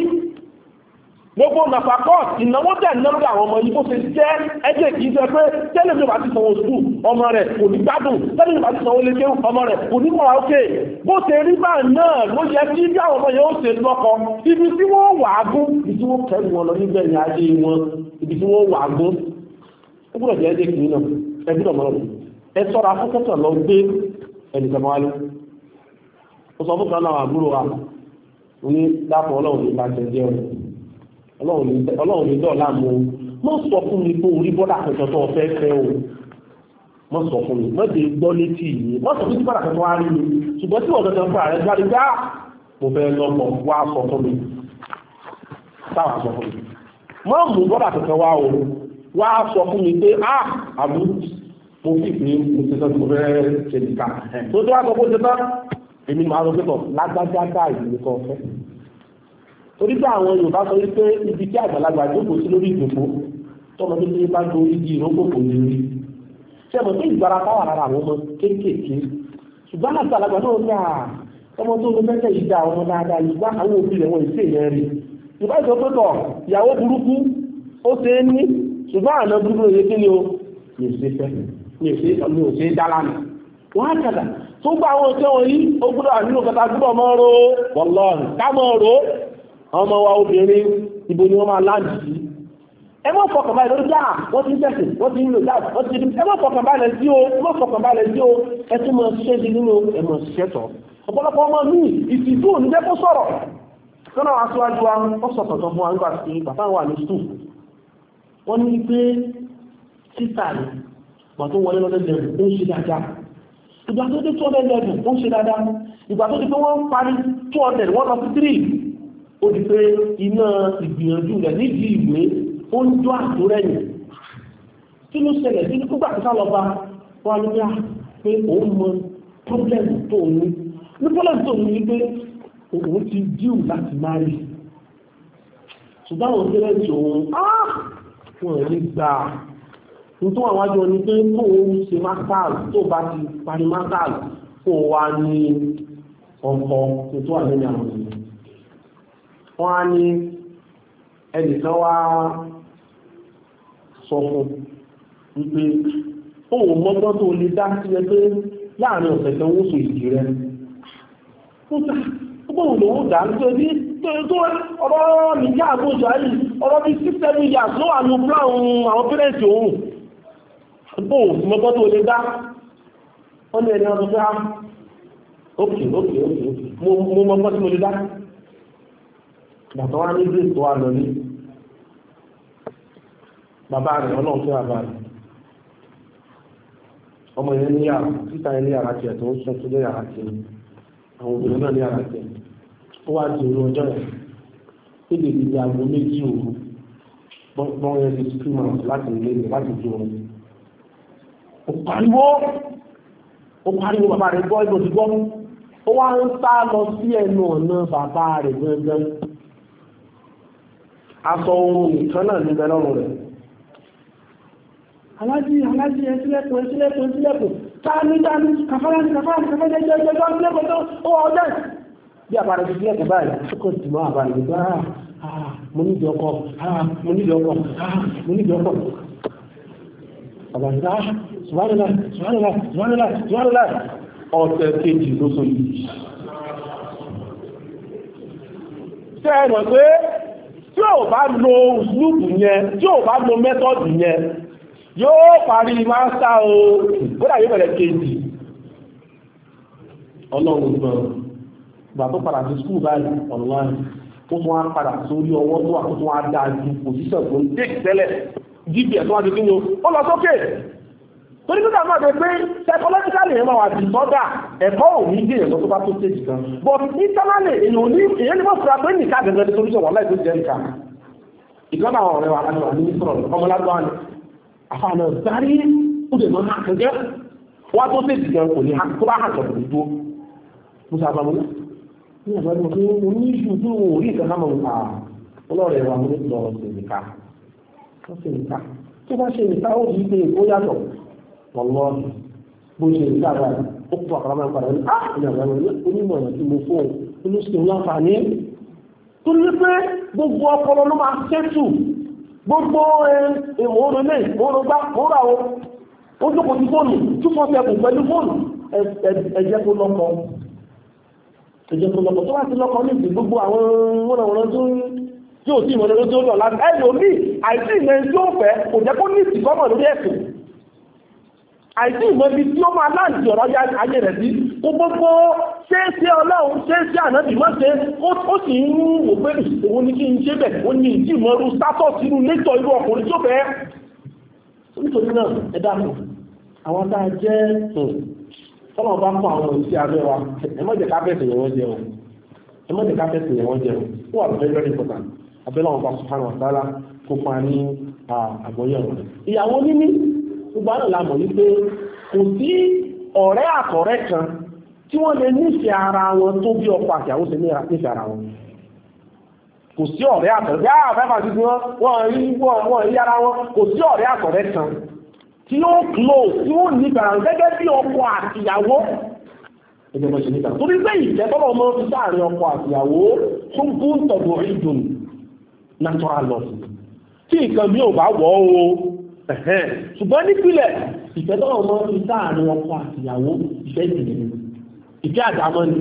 gbogbo nàfàkọ́t ìnáwó tẹ̀ ní lórí àwọn ọmọ yìí bó ṣe jẹ́ ẹ́dẹ̀ kì í jẹ́ pé tẹ́lẹ̀ mi ò bá ti sanwó oṣù ọmọ rẹ̀ kò ní gbádùn tẹ́lẹ̀ mi ò bá ti sanwó léṣe ọmọ rẹ̀ kò ní mọ̀ra ókè bó ṣe rí bá náà ló yẹ kí bí àwọn ẹ sọ́ra fẹ́kẹ́tọ̀ lọ gbé ẹnìkan wálé ó sọ àbúrò wa ní dápọ̀ ọlọ́run ní ìbàjẹ́ jẹ́ ọlọ́run ní dọ́ọ̀lá mú o mọ́ sọ fún mi pé orí bọ́dà kẹtọ̀ tó fẹ́ fẹ́ o mọ́ sọ fún mi mọ́ ti gbọ́ létí yìí mọ́ sọ fún mi bọ́dà kẹtọ̀ wá rí mi ṣùgbọ́n tí mo fẹ́ lọ́pọ̀ wá sọ fún mi táwa sọ fún mi mọ́ mú bọ́dà kẹtọ̀ wá o wá sọ fún mi pé ah mo fi pé mo ti sọ́dún mo fẹ́ ṣe nìkan tó tó wá sọ pé ó ti tán èmi máa lọ pẹ́tọ̀ lágbájá dá ìlú kan fẹ́ torí pé àwọn Yorùbá sọ wípé ibi tí àgbàlagbà jókòó sí lórí ìdòkó tọmọ tó ti bá gorí di ìrókòkò ní orí tí a mọ̀ pé ìgbára táwà lára àwọn ọmọ kéékèèké ṣùgbọ́n àgbàlagbà náà ní à ọmọ tó lọ mẹ́tẹ̀ yìí dá ọmọ dáadáa yìí wá àwọn òbí rẹ̀ wọ́n ìṣe ìyẹn rí Yorùbá sọ pé tọ̀ ìyàwó burúkú ó ṣe é ní ṣùgbọ́n àná burúkú ló kí ni o lè ṣe fẹ́ ní òṣè dálánà wọ́n á kàdà tó gbà àwọn òṣè wọ̀nyí ó gbúdọ̀ àdúgbò kọta gbúdọ̀ mọ́ ro wọ́lọ́ọ̀rù kámọ́ ro ọmọ wa obìnrin ibo ni wọ́n máa láǹdì sí ẹ mọ́ fọkàn báyìí lórí dáa ah, wọ́n ti ń tẹ̀sìn wọ́n ti ń lò dáa wọ́n ti ń ẹ mọ́ fọkàn báyìí sí o ẹ mọ́ fọkàn báyìí sí o ẹ tún mọ ṣiṣẹ́ di nínú ẹ mọ ṣiṣẹ́ tọ̀ ọ̀pọ̀lọpọ̀ ọmọ mi ìtìjú òní jẹ́ kó títà ni ìgbà tó wọlé lọ́dẹ̀ lẹ́rù ó ń ṣe dáadáa ìgbà tó dé 200 lẹ́rù ó ń ṣe dáadáa ìgbà tó di pé wọ́n ń parí 200 wọ́n lọ sí 3 ó di pé iná ìgbìyànjú rẹ̀ nídìí ìwé ó ń dún àtó rẹ̀yìn kí ló ṣẹlẹ̀ sí nígbà tó sá lọ bá wọn ló yá pé òun mọ problem tó ń ní ní problem tó ń ní pé òun ti díù láti má rí ṣùgbọ́n àwọn tẹ́lẹ̀ tí òun á ah, wọn ò ní nítorí àwọn àjọ ni pé tó ń ṣe masters tó bá ti parí masters kó wá ní ọkọ̀ tó wà lórí àwọn ènìyàn wọ́n á ní ẹnìkan wá sọ fún wípé ó mọ́gbọ́n tó lè dá sí ẹ pé láàrin ọ̀sẹ̀ tó wó so ìdí rẹ̀ gbogbo olówó dà ń tó ọ̀rọ̀ mi jẹ́ àgbójọ ayé ọ̀rọ̀ mi sí seven years ló wà ní brown àwọn pẹ́rẹ́ǹtì òun bóò mọ́gbọ́ tó lè dá wọ́n lè ní ọdún pé á ókè ókè ókè mo mọ́gbọ́ tí mo lè dá bàtọ́ wá ní bí ètò àlọ́ ní bàbá rẹ̀ ọlọ́run fẹ́ bàbá rẹ̀ ọmọ yẹn ní yàrá títà yẹn ní yàrá tiẹ̀ tó ń sọ tó ní yàrá tiẹ̀ àwọn obìnrin náà ní yàrá tiẹ̀ ó wá di òru ọjọ́ yẹn níbi ìdíje aago méjì òru bọ́n yẹn ti sùkúrù màá láti ilé láti ju òun pariwo ó pariwo bàbá rẹ̀ gbọ́ ìgbò ó wá ń sá lọ sí ẹnu ọ̀nà bàbá aṣọ ohun nìkan náà níbẹ̀ lọ́rùn rẹ̀ alájí alájí ẹsílẹ̀kùn ẹsílẹ̀kùn ẹsílẹ̀kùn táàmì táàmì kàfárá ní kàfárá ní kàfárá jẹjẹ jẹjọ ẹsílẹ̀kùn tó ó wà ọjọ́ bí àbára ti sílẹ̀kùn báyìí ó sì mọ́ àbára ah, baa ah, mo ọkọ ah, mo ọkọ mo ọkọ subhanallah subhanallah subhanallah subhanallah ọ̀sẹ̀ kejì ló sọ yìí tẹ́ ẹ̀rọ pé tí ò bá lo lúùpù yẹn tí ò bá lo mẹ́tọ́dù yẹn yóò parí máa ń sá o kódà yóò bẹ̀rẹ̀ kejì ọlọ́run gbọ́n gbà tó padà sí skúù báyìí online tó tún á padà sórí ọwọ́ tó wà tó tún á dáa ju òṣìṣẹ́ tó ń dé ìtẹ́lẹ̀ gps tó wá di kí ni ó lọ torí nígbà máa dé pé psychologically èèyàn máa wà bí bọ́dà ẹ̀kọ́ òní dé èèyàn tó bá tó stage kan but internally èèyàn ní èèyàn ní mọ̀sùlá pé nìka gẹ́gẹ́ bí solution wà láì tó jẹ́ nìka ìgbọ́n àwọn ọ̀rẹ́ wa láti wà ní sọ̀rọ̀ ọmọlágbá ni àfààní ọ̀sárí ó dẹ̀ máa hàn kẹ́kẹ́ wá tó stage kan kò ní tó bá hàn kọ̀ọ̀dù dúró musa abamuna ní àbájọ pé mo ní ìṣù tó wò rí ìkan náà mọ̀ ọlọ́rẹ̀ wa mo ní lọ sí nìka tó bá ṣe nìka ó yí pé ó yàtọ̀ wọ́n bó ṣe ń sábà ó pọ̀ àkàrà máa ń padà ní àwọn ah! àwọn onímọ̀ ọ̀nà tí mo fún ọ inú sí òun láǹfààní tó ní pé gbogbo ọpọlọ ló máa ṣẹ́tù gbogbo ìmọ̀ọ́rọ̀ náà ìmọ̀ọ́rọ̀ gbá mọ́ra o ó jókòó sí fóònù túbọ̀ fi ẹkùn pẹ̀lú fóònù ẹ̀jẹ̀ kó lọ́kọ ẹ̀jẹ̀ kó lọ́kọ tó bá ti lọ́kọ ní ìsìn gbogbo àwọn wọ́nàwọ́nà tó ń yóò sí ìmọ̀ọ́rọ̀ tó ń lọ láti ẹ̀yọ̀ mí àìsí ìmọ̀ ẹni tó fẹ́ kò jẹ́ kó ní ìsìn àìsí ìmọ̀bí tí ó máa láàrín ọ̀rọ̀ ayé rẹ̀ sí kó gbogbo ṣeéṣe ọlọ́run ṣeéṣe ànábì má ṣe ó sì ń mú òpé òun ní kí n ṣe bẹ̀ ó ní ìdí ìmọ̀rú sátọ̀sì inú létọ̀ irú ọkùnrin tó fẹ́ nítorí náà ẹ dákun àwọn tá a jẹ́ hmm, tọ́lọ̀ bá fún àwọn òṣìṣẹ́ abẹ́ wa ẹ mọ̀jẹ̀ ká fẹ̀sẹ̀ yẹn wọ́n jẹ o ẹ mọ̀jẹ̀ ká fẹ̀sẹ̀ yẹn wọ́n jẹ o ó very important abẹ́lẹ́ àwọn bá sùn fún àwọn àgbáyà kó fún wa ní àgbọ̀yẹ̀ rẹ̀ gbogbo àná la mọ̀ wípé kò sí ọ̀rẹ́ àkọ̀rẹ́ kan tí wọ́n lè nífẹ̀ẹ́ ara wọn tó bí ọkọ àti àwọn òṣèlú nífẹ̀ẹ́ ara wọn kò sí ọ̀rẹ́ àkọ̀rẹ́ bí àfẹ́fà ti fi wọ́n rí wọ́n rí ara wọn kò sí ọ̀rẹ́ àkọ̀rẹ́ kan tí ó close tí ó nífẹ̀ẹ́ ara wọn gẹ́gẹ́ bí ọkọ àtìyàwó ẹgbẹ́ bọ́ ṣe níta torí pé ìfẹ́ tọ́lọ̀ ọmọ fi sáàrin ọkọ àtìyàwó tó ń gún tọ̀gbọ̀n ìdùn natural love tí nǹkan mi ò bá wọ̀ ọ́ ṣùgbọ́n nípìnlẹ̀ ìfẹ́ tó ọmọ ti sáàrin ọkọ àtìyàwó ìfẹ́ ìdílé ni ìfẹ́ àdámọ́ ni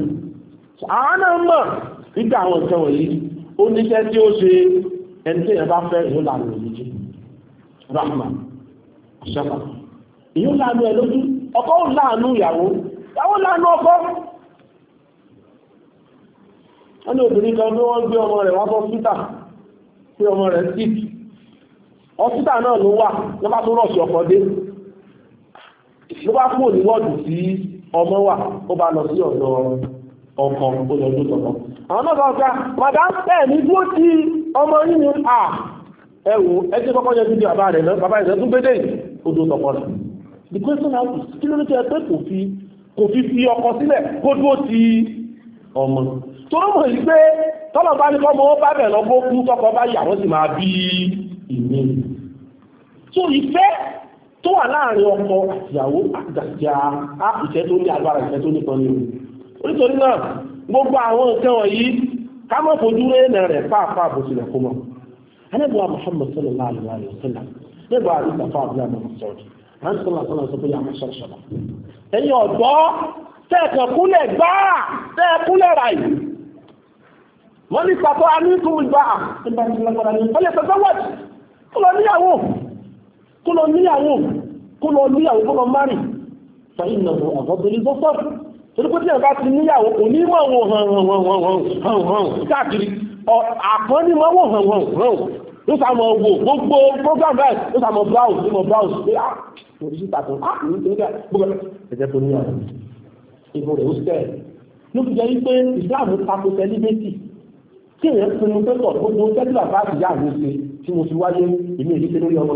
àwọn náà mọ̀ nígbà àwọn nǹkan wọ̀nyí ó níṣẹ́ tí ó ṣe ẹni tí èèyàn bá fẹ́ ìlú lànà òní jù rahma ṣẹ́fà ìyó lànà ẹ̀ lójú ọkọ ò láàánú ìyàwó ìyàwó lànà ọkọ wọn ní obìnrin kan bí wọ́n gbé ọmọ rẹ̀ wá ọ̀sítà náà ló wà ló bá tó rọ̀ṣì ọkọ̀ dé ló bá kúrò ní wọ́ọ̀dù tí ọmọ wà ó bá lọ sí ọ̀dọ̀ ọkọ̀ olóòdó tọ̀tọ̀ àwọn náà sọ pé madam ẹ̀ ní dúró tí ọmọ yìí à ẹ wò kọ́kọ́ yẹ fídíò bàbá rẹ̀ náà bàbá rẹ̀ tún gbé dé odò tọ̀kọ̀ rẹ̀ the question now is kí ló ní kí ẹ pé kò fi kò fi fi ọkọ̀ sílẹ̀ kó dúró ti ọmọ torí mọ̀ yìí pé tọ́lọ̀ bá ní kọ́ mọ́ bá bẹ̀ lọ́gbó kú tọkọ bá yà wọ́n sì máa bí ìmí so ìfẹ́ tó wà láàrin ọkọ ìyàwó àgbàjà ìfẹ́ tó ní agbára ìfẹ́ tó nípa ní o nítorí náà gbogbo àwọn nǹkan wọ̀nyí ká mọ̀ fojú rẹ̀ rẹ̀ pàápàá bó tilẹ̀ kó mọ̀ anábìá Muhammad sallallahu alayhi wa sallam nígbà àdúgbò fún abúlé àmọ́ sọ́ọ̀dì à ń sọ́nà sọ́nà sọ pé yà máa ṣọ̀ṣọ̀lá ẹ̀yin ọ̀dọ́ tẹ́ẹ̀kan kúlẹ̀ gbáà tẹ́ẹ̀kúlẹ̀ ràì wọ́n ní pàtó anú ìkú ìgbà ìbànújẹ́ lọ́gbọ̀dá ní ọlẹ́sọ̀sọ́wọ́dì ó lọ níyàwó kó lọ níyàwó kó lọ níyàwó kó lọ márì fàyín náà àwọn tó ní gbọ́sọ̀ torí pé tí ẹ̀ka ti níyàwó kò ní mọ̀ wọn hàn hàn hàn hàn hàn hàn káàkiri àpọ́n ní mọ̀ wọn hàn hàn hàn ló sá mọ̀ wò gbogbo program bẹ́ẹ̀ ló mo ti síta mo ti ń bẹ́ẹ̀ gbogbo ẹ̀jẹ̀ tó níyàwó ìbò rẹ̀ ó sẹ́ẹ̀ ló fi jẹ́ wípé ìsìláàmù tako sẹ́líbẹ́tì tí èèyàn pinnu pé pọ̀ gbogbo sẹ́líbà bá ti yá àgbèsè tí mo fi wáyé èmi èyí lórí ọmọ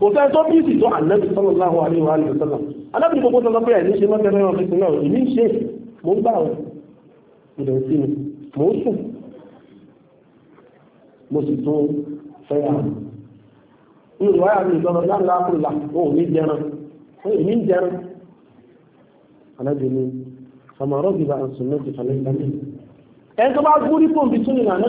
kò sẹ́ tó bí ìsìtò ànábì sallallahu alaihi wa sallam ànábì gbogbo tó lọ pé ẹ̀ní ṣe mọ́tẹ́ mẹ́wàá fífi náà ìní ṣe mò ń gbà ọ́ ìdẹ̀ sí mi mò ń sùn mo sì tún fẹ́ ra mi ìwà yà mí lọ́nà láti láàpù là ó ní jẹran ó ní jẹran ànábì ni àmọ̀rọ̀ gbìgbà àǹsùn méjì kàlẹ́ ìgbà mi ẹ̀ tó bá gbórí pòǹbì tún ìlànà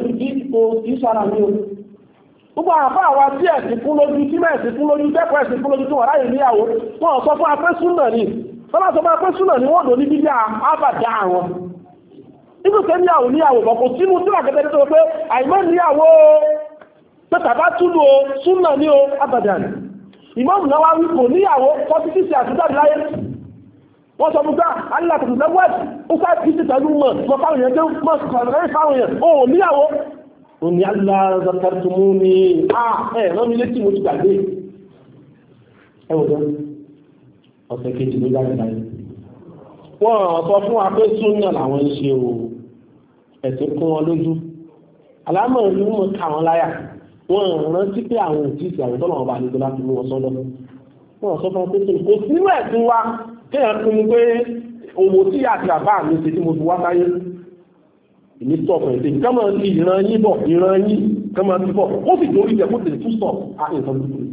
gbogbo àfá àwa tí ẹ̀sìn fún lójú tí mẹ́ẹ̀sìn fún lójú tẹ́kọ̀ọ́ ẹ̀sìn fún lójú tí wọ́n ráyè níyàwó wọ́n sọ fún apẹ́ súnà ni tọ́lá sọ fún apẹ́ súnà ni wọ́n dò ní bíbí àbàdà àwọn nínú tẹ́ níyàwó níyàwó bọ̀ kò sínú tí wàgẹ́gẹ́ tó pé àìmọ́ níyàwó pé tàbá túlù o súnà ní o àbàdà ni ìmọ̀mù náà wá wí kò níyàwó fọ́tí sísè àtúntàdì láyé wọ́n sọ fún gbá alákùnrin lẹ́wọ́ẹ̀sì ó sáà kìí ṣe pẹ̀lú mọ̀ mọ̀ fáwọn èèyàn tó mọ̀ sọ̀rọ̀ fáwọn èèyàn ó níyàwó ó ní aláàzàkàtúmú ní ẹ̀ rán mi létí mo ti gbàgbé ẹ wò lọ ọ̀sẹ̀ kejì ló jáde láyé wọ́n sọ fún wa pé súnà làwọn ń ṣe o ẹ̀sìn kún wọn lójú alámọ̀ ìlú mọ̀ ká wọn láyà wọ́n rántí pé àwọn òjíṣẹ́ àwọn tọ́lọ̀ ọba àlejò láti mú wọn sọ́dọ̀ wọ́n sọ fún wa pé kò sínú ẹ̀sìn wa kéèyàn pinnu pé òwò tí àti bàbá mi ṣe tí mo fi wá sáyé èmi stop ẹ̀ tèmi ká máa ti ìran yín bọ̀ ìran yín ká máa ti bọ̀ ó sì torí ìjẹ́ kó tèmi tún stop àìsàn tuntun ni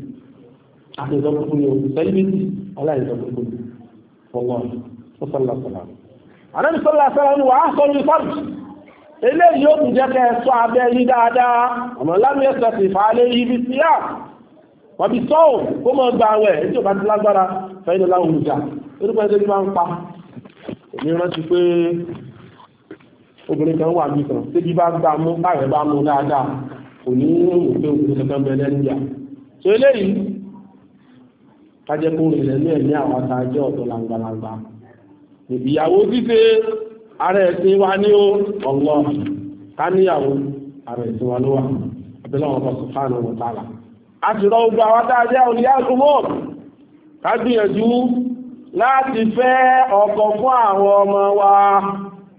àìsàn tuntun ni òun sẹ́lẹ̀bìtì aláìsàn tuntun ni ọlọ́ sọ́sọ́lá sọ́lá. àdáni sọ́lá sọ́lá ni wàá sọ ní fábì eléyìí ó tún jẹ́ kẹ́ ẹ sọ abẹ́ yín dáadáa àmọ́ lámì ẹsẹ̀ sì fà á lé yí bí sí à wọ́n bí sọ́ọ̀ kó mọ̀ gba àwẹ̀ ètò ìbá ti lágbára fẹ́ẹ́ ní láwùjá orúkọ ẹgbẹ́ ti máa ń pa èmi rántí pé obìnrin kan wà bí kan tẹ́bí bá gbá mú báyẹ̀ bá mú dáadáa kò ní òfin òfin kankan bẹ̀rẹ̀ níyà tó eléyìí kájẹ́ kó rìnlẹ̀ ní ẹ̀mí àwọn àtàjẹ́ ọ̀tọ̀ làǹgbàlàǹgbà ìgbìyàwó títẹ ara ẹ̀sìn wa ní ọ̀lọ́ káníyàwó ara ẹ̀sìn wa ló wà abẹ́lẹ́wọ̀n ọkọ̀ sùfáànù wọn tààlà a ti rọ gbogbo àwọn àtàjẹ́ òníyà gbogbo ká gbìyànjú láti fẹ́ ọkọ fún àwọn ọmọ wa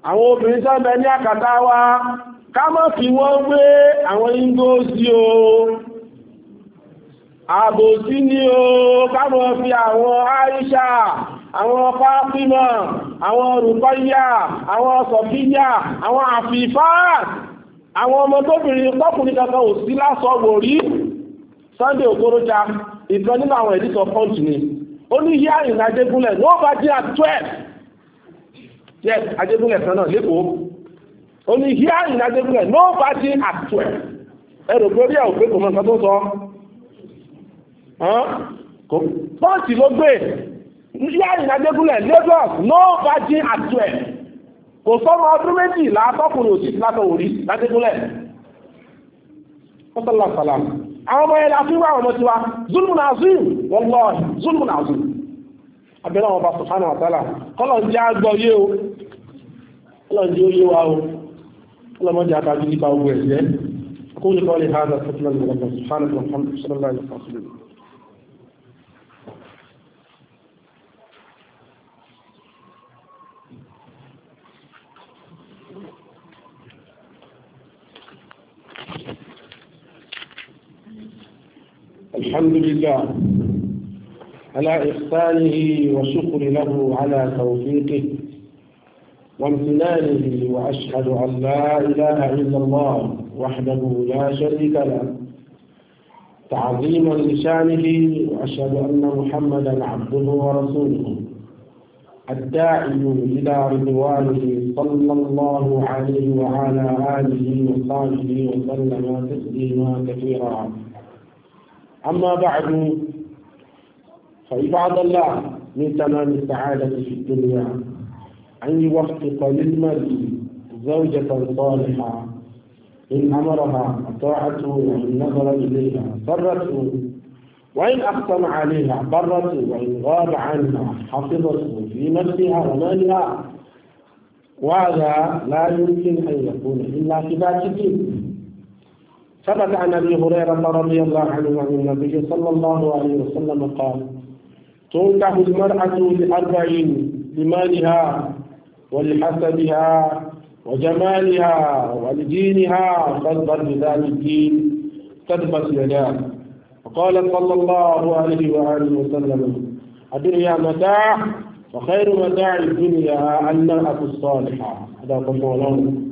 àwọn obìnrin sábẹ ní àkàtà wa ká má fi wọ́n gbé àwọn ingó sí o àbòsí ni o ká má fi àwọn Aisha àwọn Fátímà àwọn Rùkọ́yà àwọn Sọ̀fíyà àwọn àfìfà àwọn ọmọ tóbìnrin pọ́kùnrin kankan ò sí lásọ̀ wò Sunday Okorocha ìkan nínú àwọn ìdíkọ̀ pọ́ǹtì ni ó ní yíyá ìrìnàjẹ́gúnlẹ̀ wọ́n bá jẹ́ at twelve yes Adégúnlẹ̀ kan náà lẹ́kọ̀ọ́ ó ní here in Adégúnlẹ̀ nobody party at twelve ẹ̀rọ gbórí ẹ̀ òpé kò mọ nǹkan tó sọ kò pọ́ǹtì ló gbé here in Adégúnlẹ̀ Lagos no party at twelve kò sọ́mọ ọdún méjìlá tọkùnrin òsì látọ̀ òrí l'Adégúnlẹ̀ wọ́n sọ́lá sàlám àwọn ọmọ ẹ̀rọ àfihàn àwọn ọmọ tiwa zulmun azim wallahi zulmun azim abẹ́lá ọba sọ̀fánà àtàlà kọ́lọ̀ jẹ́ àgbọ̀ yé o kọ́lọ̀ jẹ́ oyé wa o kọ́lọ̀ mọ́ jẹ́ àtàjú nípa ogun ẹ̀sẹ̀ kúrò kọ́ lè hádà sọ́fánà على إحسانه وشكر له على توفيقه وامتنانه وأشهد أن لا إله إلا الله وحده لا شريك له تعظيما لشانه وأشهد أن محمدا عبده ورسوله الداعي إلى رضوانه صلى الله عليه وعلى آله وصحبه وسلم تسليما كثيرا أما بعد فعباد الله من تمام السعادة في الدنيا أن يوفق للمرء زوجة صالحة إن أمرها أطاعته وإن نظر إليها سرته وإن أقسم عليها برته وإن غاب عنها حفظته في نفسها ومالها وهذا لا يمكن أن يكون إلا في ذات الدين ثبت عن أبي هريرة رضي الله عنه عن النبي صلى الله عليه وسلم قال تنكح المرأة لأربع لمالها ولحسبها وجمالها ولدينها فاصبر بذات الدين تثبت يداك وقال صلى الله عليه وآله وسلم الدنيا متاع وخير متاع الدنيا المرأة الصالحة هذا قصوا لهم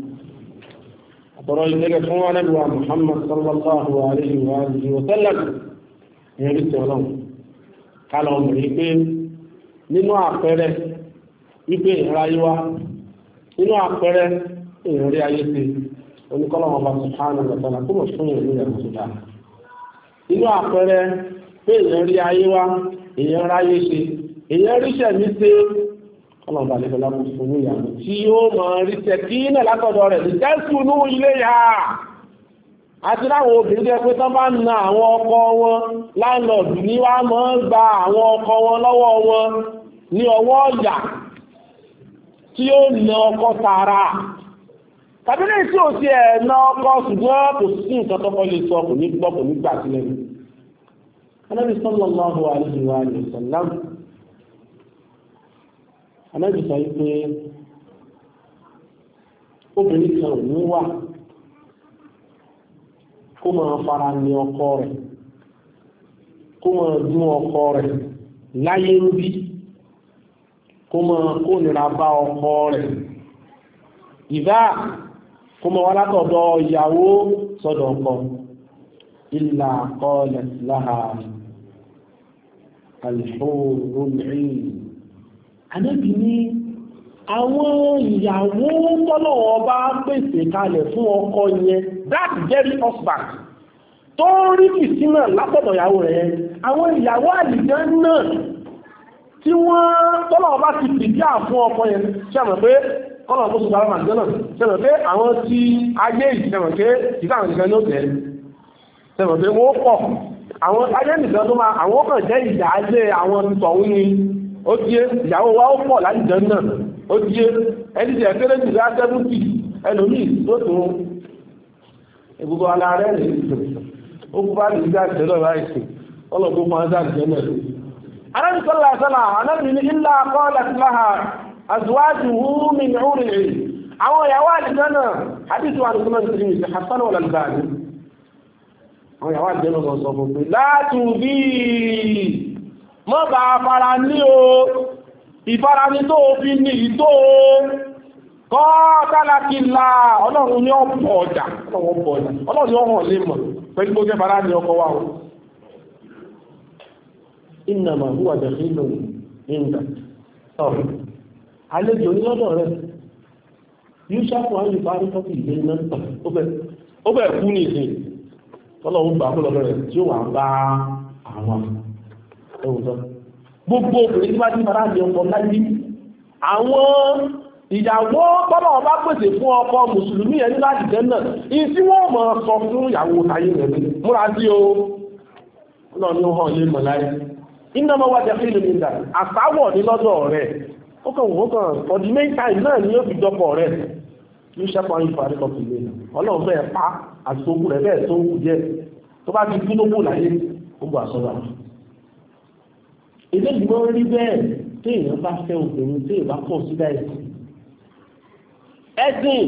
أترى إليك فوانا محمد صلى الله عليه وآله وسلم يا رسول الله kálọ̀ obìnrin pé nínú àpẹẹrẹ wípé ìráyé wá nínú àpẹẹrẹ ìrírí ayé ti oníkọ́lọ́wọ́ bá ti ká ní ọ̀tọ́lá tó mọ̀ fún ìlú ẹ̀kọ́ tó dáa nínú àpẹẹrẹ pé ìrírí ayé wá èèyàn ráyé ṣe èèyàn ríṣẹ́ mi ṣe kọ́lọ̀ bá lẹ́gbẹ̀ẹ́ lápò fún ìyàwó tí yóò mọ̀ ríṣẹ́ kí náà látọ̀dọ̀ rẹ̀ ní jẹ́sùn ní ilé yàá àti láwọn obìnrin jẹ́ pé tán bá na ọkọ wọn láńlọ́ọ̀dù ní wá ń gba àwọn ọkọ wọn lọ́wọ́ wọn ní ọwọ́ ọ̀yà tí ó na ọkọ tààrà tàbí lè tí ò sí ẹ̀ na ọkọ ṣùgbọ́n kò sí nǹkan lè sọ kò ní gbọ́ kò ní gbà sílẹ̀ anábì anábì kó máa fara ní ọkọ rẹ̀ kó máa dún ọkọ rẹ̀ láyé ń bí kó máa kó nira bá ọkọ rẹ̀ ìdá kó máa wá látọ̀dọ̀ ìyàwó sọ́dọ̀ ọkọ ìlà kọ́lẹ̀ láha alìṣòro mìíràn. Àdébì ní àwọn ìyàwó tọ́lọ̀ ọba pèsè kalẹ̀ fún ọkọ yẹn that very husband tó rí kìsínà látọ̀dọ̀ ìyàwó rẹ̀ àwọn ìyàwó àlìjẹ́ náà tí wọ́n tọ́lọ̀ ọba ti pìdí àfún ọkọ yẹn ṣẹ́mọ̀ pé kọ́lọ̀ tó sùgbà rẹ̀ àjẹ́ náà ṣẹ́mọ̀ pé àwọn tí ayé ìṣẹ́mọ̀ pé ìdáhùn ìṣẹ́ ní òtẹ́ ṣẹ́mọ̀ pé wọ́n pọ̀ àwọn ayé nìkan tó máa àwọn kàn jẹ́ ìyá ayé àwọn tọ̀hún ni ó díẹ̀ ìyàwó wa ó pọ̀ láìjẹ́ náà ó ẹni tí ẹ̀kẹ́rẹ́ jù lá sẹ́fúntì ẹlòmíì tó tó ìgbogbo ara rẹ̀ rẹ̀ ó kú bá lè dá ìṣẹ̀lẹ̀ ọ̀rá ìṣẹ̀ ọlọ́gbọ́n máa dá ìṣẹ̀lẹ̀ rẹ̀. arábì sọ́lá sọ́lá anábì ilá kọ́lá sí azuwájú húmi ní rẹ̀ àwọn ìyàwó ní hasan àwọn ìyàwó sọ fún mọ́ fara ní o ìfarani tó fi ní ìtó kọ́ọ̀tàlákìlá ọlọ́run ní ọ̀pọ̀ ọjà ọlọ́run ní ọ̀hàn lè mọ̀ pẹ̀lú gbogbo ẹbára ní ọkọ̀ wa iná ma húwà jẹ̀fẹ́ ìlòrì nígbà ọ̀rọ̀ àlejò ní lọ́dọ̀ rẹ̀ yíó sáfún àyè parí tọ́kì ìgbé iná ó bẹ̀ kú ní ìsìn ọlọ́run gbà fún lọ́dọ̀ rẹ̀ tí gbogbo obìnrin bá ní mara ní ọkọ láyé àwọn ìyàwó tọ́lọ̀ bá pèsè fún ọkọ mùsùlùmí ẹni láti jẹ́ náà in tí wọ́n mọ̀ sọ fún ìyàwó táyé rẹ̀ múra sí o náà ní ọ̀hàn ilé mọ̀láyé iná mọ́ wájá sí ìlú nígbà àsáwọ̀ ní lọ́dọ̀ rẹ̀ ó kàn wọ́n kàn for the main time náà ni ó fi dọ́pọ̀ rẹ̀ ní sẹ́pọ̀ ní ìfàdé kọ̀ọ̀kì lé ọlọ́run bẹ́ẹ̀ pa àti ogun rẹ̀ bẹ́ẹ̀ tó wù jẹ́ tó bá ti kú lókù láyé ó bọ̀ àsọ́wọ́ àti eléyìí máa ń rí bẹ́ẹ̀ tí èèyàn bá fẹ́ obìnrin tí èèyàn bá pọ̀ sí bẹ́ẹ̀ sí. ẹ̀sìn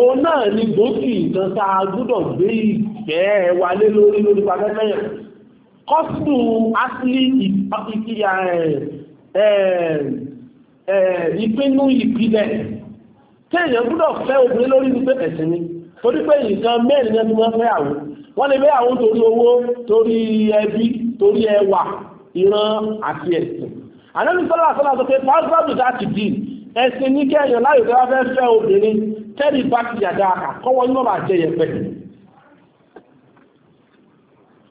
òun náà ni gbòógì ìtàn tá a gbúdọ̀ gbé ìfẹ́ wa lé lórí lórí pàtẹ́fẹ́ yẹn kọ́sùn asílì ìpàkìkìyà ìpinnu ìpìlẹ̀ tí èèyàn gbúdọ̀ fẹ́ obìnrin lórí wípé ẹ̀sìn ni torí pé nǹkan mẹ́rin ni wọ́n fẹ́ àwọn wọ́n lè fẹ́ àwọn torí owó torí ẹbí torí ẹwà ìran àti ẹ̀sìn ànábì sọ́lá sọ́lá sọ pé pàápàá láti dì ẹ̀sìn ní kẹ́yàn láyò tó bá fẹ́ fẹ́ obìnrin tẹ́lì bá ti yàdá àkọ́wọ́ yóò bá jẹ yẹpẹ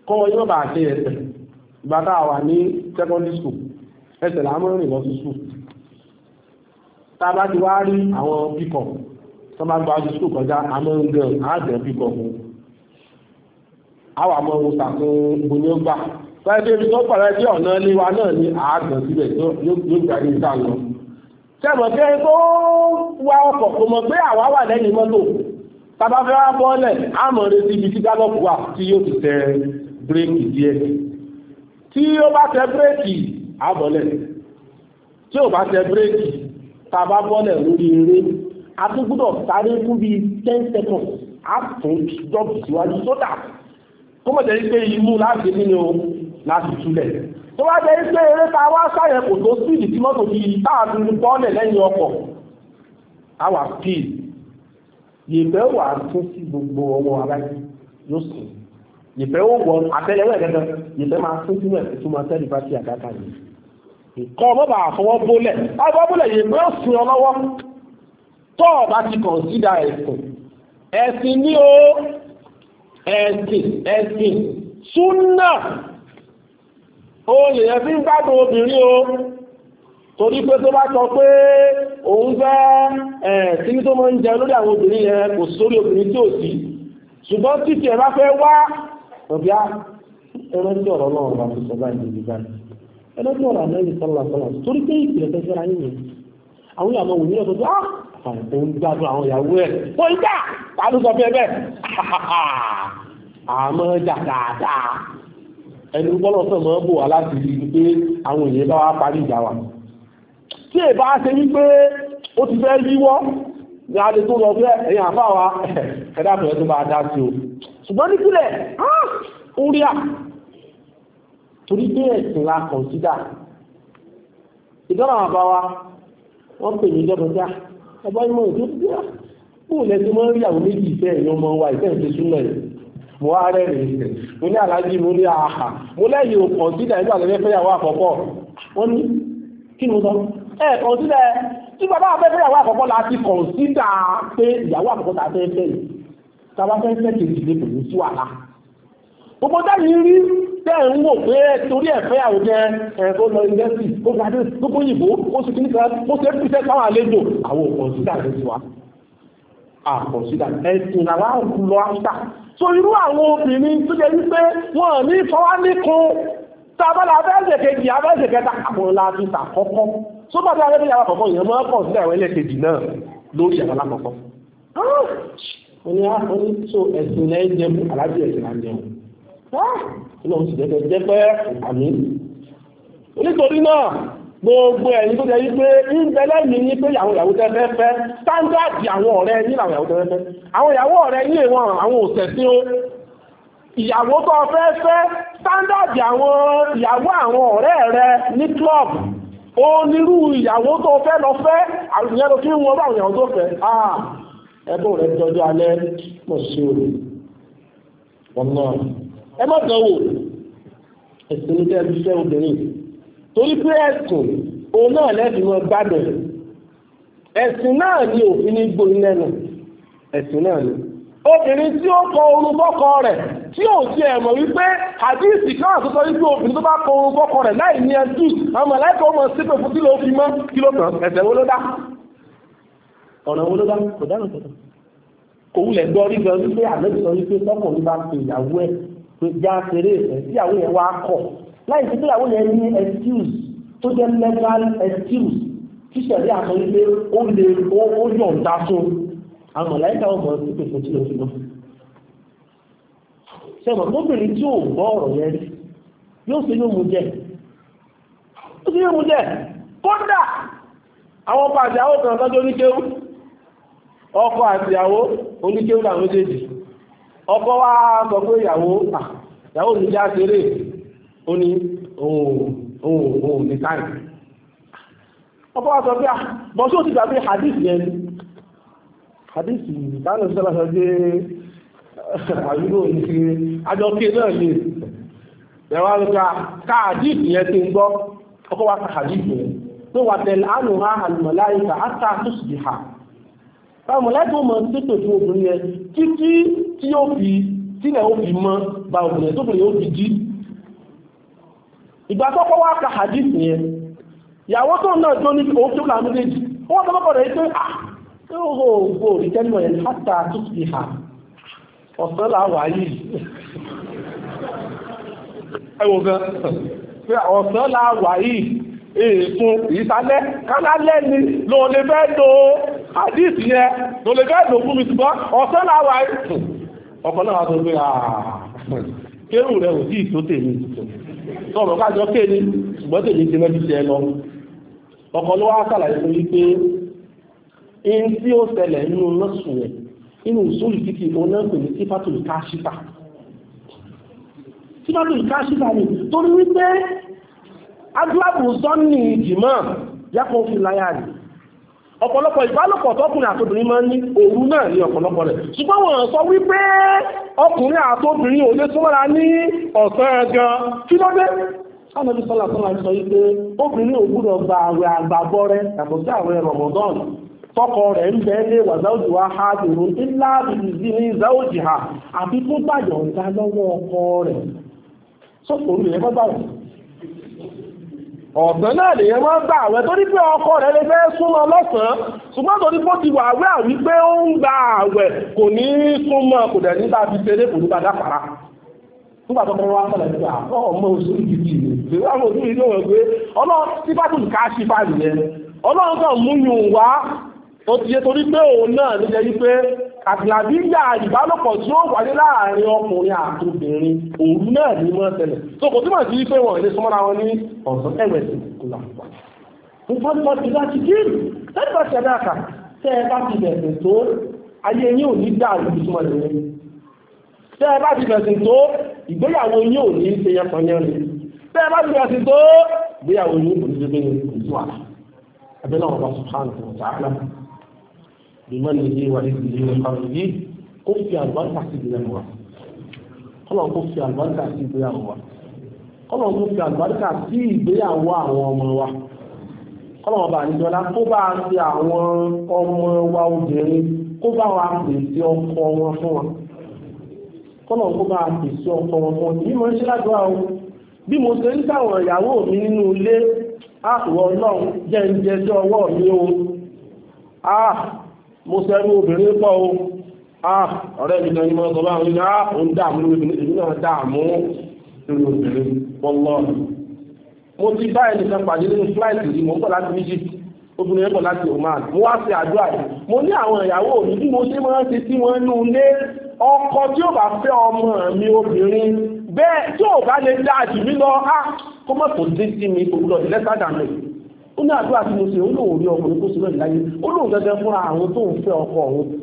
kọ́wọ́ yóò bá jẹ yẹpẹ bàtà wà ní secondary school ẹsẹ̀ làá mọ́rin lọ sí school tá a bá ti wá rí àwọn píkọ̀ tó bá gba ojú school kọjá amóhun gan àádọ́ píkọ̀ fún àwọn àmọ́ ohun tàkùn gbonyógbà Báyìí ibi tó pàrẹ́ tí ọ̀nà níwa náà ni àágbọ̀n síbẹ̀ tó yóò gbà ní ìta lọ. Ṣẹ̀mọ̀ pé tó wá ọkọ̀ kò mọ̀ pé àwa wà lẹ́yìn mọ́tò. Tàbá fẹ́ wá bọ́ọ̀lẹ̀, a mọ̀ retí ibi tí gálọ́pù wà tí yóò ti tẹ bírèkì díẹ̀. Tí ó bá tẹ bírèkì, a bọ́ọ̀lẹ̀. Tí ò bá tẹ bírèkì, tàbá bọ́ọ̀lẹ̀ lórí eré, a tún gbúdọ̀ sáré fún bíi ten seconds, a tún jọ́ọ̀bù síwájú sódà. Kó mọ̀ tẹ́lí pé imú láti nínú láti túlẹ̀ tó bá jẹ́ pé eré ta wá sáyẹn kò tó speed tí mọ́tò fi táàdùn bọ́ọ̀lẹ̀ lẹ́yìn ọkọ̀ àwà speed yèbẹ́ wà tún sí gbogbo ọwọ́ aláìsí yóò sùn yèbẹ́ ó wọ àtẹlẹwẹ̀ gẹ́gẹ́ yèbẹ́ máa tún sínú ẹ̀ tó máa tẹ́lẹ̀ bá sí àdáta yìí nǹkan ọmọba àfọwọ́ bólẹ̀ ọwọ́ bólẹ̀ yèbẹ́ ó sin ọ lọ́wọ́ tó o bá ti consider ẹ̀sìn ẹ̀sìn ní o ẹ̀sìn ẹ̀sìn súnà ó lè yẹ fi ń gbádùn obìnrin o torí pé tó bá sọ pé òun fẹ́ ẹ̀ sí tó mọ́ ń jẹ lórí àwọn obìnrin yẹn kò sórí obìnrin tí ò sí ṣùgbọ́n títí ẹ̀ bá fẹ́ wá ọ̀bíá ẹran tí ọ̀rọ̀ náà wà fún sọ́gbà ìlú ìgbà ẹran tí ọ̀rọ̀ àmẹ́rin sọ́lá sọ́lá torí pé ìpìlẹ̀ fẹ́ fẹ́ra yìí àwọn ìyàwó òun yóò tọ́jú àfààní tó ń gbádùn àwọn ìyàwó ẹ̀ tó ń jà tàbí sọ fẹ́ bẹ́ẹ̀ àmọ́ jà dáadáa ẹnu bọ́lọ̀ mọ́ bò wá láti rí pé àwọn èèyàn bá wá parí ìjà wa tí è bá ṣe wípé ó ti fẹ́ yíwọ́ ní adé tó lọ pé ẹ̀yìn àfá wa tó bá dá sí o ṣùgbọ́n ní sílẹ̀ ah, ó à torí pé ẹ̀sìn la kọ̀ǹsídà ìdánwò àbá wa wọ́n pè mo wá rẹ̀ mo ní aláàjì mo ní àhà mo lẹ́yìn o kọ̀ǹsídà nígbà tó fẹ́yàwó àkọ́kọ́ wọ́n ní kí ni mo sọ ẹ kọ̀ǹsídà tí bàbá wa fẹ́yàwó àkọ́kọ́ la ti kọ̀ǹsídà pé ìyàwó àkọ́kọ́ ta fẹ́ fẹ́ yìí ta bá fẹ́ fẹ́ kejì lè pẹ̀lú sí wàhálà gbogbo dáàbì rí tẹ́ ń wò pé torí ẹ̀fẹ́ àwùjẹ ẹ̀fọ́ lọ ilẹ́sì ó gbàdé gbogbo òyìnbó ó sì kí àkọsílà ẹ̀sìn làwọn àkú lọ áṣà so irú àwọn obìnrin tó jẹ́ wípé wọ́n ní fọwá nìkan tábàlà abẹ́ẹ̀sẹ̀ kejì abẹ́ẹ̀sẹ̀ kẹta àwọn láti tàkọ́kọ́ so bàbá abẹ́ẹ̀sẹ̀ yàrá kọ̀ọ̀kan ìyẹn mọ́ kọ̀ọ̀sílà ẹ̀wọ̀n ẹlẹ́kejì náà lórí àbálá kọ̀ọ̀kan ah! oní àfọ́ní ah, tó ẹ̀sìn náà jẹ́ mú aláàbí ẹ̀sìn náà jẹun ah! náà ó sì jẹ́ pẹ́ àmì nítorí náà gbogbo ẹ̀yin tó jẹ́ yí ìbẹ̀lẹ̀ mi ní pé àwọn ìyàwó efe fẹ́ sáńdáàdì àwọn ọ̀rẹ́ yín làwọn ìyàwó tẹ́fẹ́ fẹ́ àwọn ìyàwó ọ̀rẹ́ yín èèwọ̀n àwọn òṣèṣin o ìyàwó tó fẹ́ fẹ́ sáńdáàdì àwọn ìyàwó àwọn ọ̀rẹ́ rẹ ní club ó nírú ìyàwó tó fẹ́ lọ fẹ́ àrùnyẹ́ ló fi ń wọ́n báwọn ìyàwó tó fẹ́ ẹ̀bùn rẹ̀ jọjọ́ alẹ́ mọ̀ sí òru torí pé ẹ̀sùn òun náà lẹ́bi wọn gbádùn ẹ̀sìn náà ni òfin ní gbóyin lẹ́nu ẹ̀sìn náà ni obìnrin tí ó kọ orun bọ́kọ rẹ̀ tí ò ti ẹ̀ mọ̀ wípé àdíìsì kan àtúntò wípé obìnrin tó bá kọ orun bọ́kọ rẹ̀ láì ní ẹjú ọmọ ẹ̀láìkọ́ ọmọ sípè fún kílò fi mọ́ kílò kan ẹ̀sẹ̀ wo ló dá ọ̀nà wo ló dá kò dáná tọ̀tọ̀ kò wulẹ̀ gbọ́ rí gan wípé àlejò sọ wípé tọkùnrin bá pe ìyàwó ẹ̀ pé já seré ìfẹ́ tíyàwó yẹn wá kọ̀ láì sí kíyàwó yẹn ní excuse tó jẹ́ legal excuse tí sẹ̀rí àmọ́ ilé ó lè ó yọ̀ǹda fún àwọn ọ̀láìka ọmọ ìpè fún tí ló fi lọ. sẹ́wọ̀n tóbìnrin tí ò gbọ́ ọ̀rọ̀ yẹn yóò ṣe yóò mú jẹ́ ó sì yóò mú jẹ́ kódà àwọn ọkọ àti àwọn kan tọ́jú oníkéwú ọkọ àti àwó oníkéwú làwọn méjèèjì ọkọ wa sọ pé ìyàwó ìyàwó mi já ṣeré ó ní ohun ní táìmù ọkọ̀ wá sọ pé ah, bọ́sí ó ti gbà pé hadith yẹn hadith ìdáná sọ́lá sọ pé àyúrò ní kí ajọ kí náà lè ẹ̀wà lọ́ta ká hadith yẹn ti ń gbọ́ ọkọ̀ wá ka hadith yẹn tó wà tẹ̀lé àánú ha àlùmọ̀láyìká àtà àtúnṣì ha báwọn mọ̀láyìká ó mọ̀ sí pèsè obìnrin yẹn títí tí ó fi tílẹ̀ ó fi mọ́ bá obìnrin tó bìnrin ó fi jí ìgbà tó kọ́ wá ka hadith yẹn ìyàwó tó náà tó ní òun tó làmú léjì ó wọ́n tọ́lọ́kọ̀ rẹ̀ pé à ó gbò rí tẹ́lú ẹ̀ látà tó ti hà ọ̀sán là wà yìí ẹwọ gan pé ọ̀sán là wà yìí èèfún ìsálẹ́ kálálẹ́ ni ló lè fẹ́ lo hadith yẹn ló lè fẹ́ lo fún mi ṣùgbọ́n ọ̀sán là wà yìí ọkọ̀ náà wà tó gbé àà kéwù rẹ̀ ò tí ì tó tèmi tuntun sọ̀rọ̀ kájọ ké ní ṣùgbọ́n tèmi ti mẹ́jú ti ẹ lọ ọkọ̀ ló wá sàlàyé fún yí pé in tí ó ṣẹlẹ̀ nínú lọ́sùn rẹ̀ nínú ìṣòlù títí oná pè ní sífàtùlù káṣífà sífàtùlù káṣífà ni torí wípé adúlábù sọ́nì ìjìmọ̀ yàtọ̀ fi láyà rẹ̀ ọ̀pọ̀lọpọ̀ ìbálòpọ̀ tọkùnrin àtobìnrin máa ń ní òru náà ní ọ̀pọ̀lọpọ̀ rẹ̀ ṣùgbọ́n wọn sọ wípé ọkùnrin àtobìnrin ò lè súnmọ́ra ní ọ̀sán gan kí ló dé sálọ́bí sọ́là sọ́là sọ wípé obìnrin ò gbúdọ̀ gba àwẹ̀ àgbàgbọ́ rẹ̀ yàtọ̀ sí àwẹ̀ Ramadan tọkọ rẹ̀ ń bẹ lé wà záòjì wa ha dèrò ńlá ìdí ní záòjì ha àfi tó gbàjọ̀ ń dá lọ́wọ́ ọkọ rẹ̀ sọ́kòrò rẹ̀ bọ́ ọ̀sán náà lèyẹn máa ń gbà àwẹ̀ torí pé ọkọ rẹ̀ lè fẹ́ súnmọ́ lọ́sàn-án ṣùgbọ́n torí pé ó ti wà àwẹ̀ àwí pé ó ń gba àwẹ̀ kò ní súnmọ́ kò dẹ̀ nígbà fi ṣeré kò nígbà dápara nígbà tó kọ́ wá sọ̀rọ̀ nígbà ọmọ oṣù gidi ni àwọn oṣù yìí ló wọ̀ pé ọlọ́run tí bá tún ká ṣífà nìyẹn ọlọ́run kan múyùn wá ó ti yé torí pé òun náà ló jẹ́ wípé àtìlàbíyà ìbálòpọ̀ tí ó wáyé láàrin ọkùnrin àti obìnrin òun náà ní mọ́ ṣẹlẹ̀ tó kò túmọ̀ sí wípé wọ́n lè súnmọ́ra wọn ní ọ̀sán ẹ̀wẹ̀sì kùlà fún fọ́nìmọ̀ ti láti kíìrì tẹ́lẹ̀ bá ti ẹ̀dá àkà tẹ́ ẹ bá ti bẹ̀sẹ̀ tó ayé yín ò ní dàrú ìtumọ̀ rẹ̀ tẹ́ ẹ bá ti bẹ̀sẹ̀ tó ìgbéyàwó yín ò ní ṣe yẹpọnyẹrin tẹ́ ẹ bá ti bẹ̀sẹ̀ tó ìgbéyàwó yín ò ní ṣe gbé ní ìtura àbẹ́lẹ́ ọ̀rọ̀ subhanahu wa ta'ala bímọ́lẹ́yẹ wà ní ìdílé ọ̀pọ̀lọpọ̀ yìí kó fi àlùbáríkà sí ìgbéyàwó wa kọ́lọ̀ kó fi àlùbáríkà sí ìgbéyàwó wa kọ́lọ̀ kó fi àlùbáríkà sí ìgbéyàwó àwọn ọmọ wa kọ́lọ̀ ọba àníjọ́lá kó bá fi àwọn ọmọ wa obìnrin kó bá wa pèsè ọkọ wọn fún wa kọ́lọ̀ kó bá pèsè ọkọ wọn fún wa bí mo ń ṣe ládùúgbò àwọn bí mo ṣe ń táwọn ìyàwó mi nínú ilé àwọ̀ ah, ọlọ́run jẹ́ ń jẹjọ́ ọwọ́ mi o ah, mo sẹ́rú obìnrin pọ̀ o ah ọ̀rẹ́ mi kan ní mọ́ sọ báwọn ní ah òun dààmú lórí èmi náà dààmú lórí obìnrin pọ́lọ́ mo ti bá ẹnìkan pàdé nínú fúláìtì yìí mo ń bọ̀ láti Egypt obìnrin ẹ̀kọ́ láti Oman mo wá sí àdúrà yìí mo ní àwọn ìyàwó mi bí mo ṣe máa ń ṣe sí wọn nínú ilé ọkọ tí ò bá fẹ́ ọmọ mi obìnrin bẹ́ẹ̀ tí ò bá lè dáa jù mí lọ ah kó mọ̀ kó dé sí mi kó lọ ó ní àdúrà tí mo ṣe ó lóun ọkùnrin tó ṣe láyé ó gẹ́gẹ́ fúnra àwọn tó ń fẹ́ ọkọ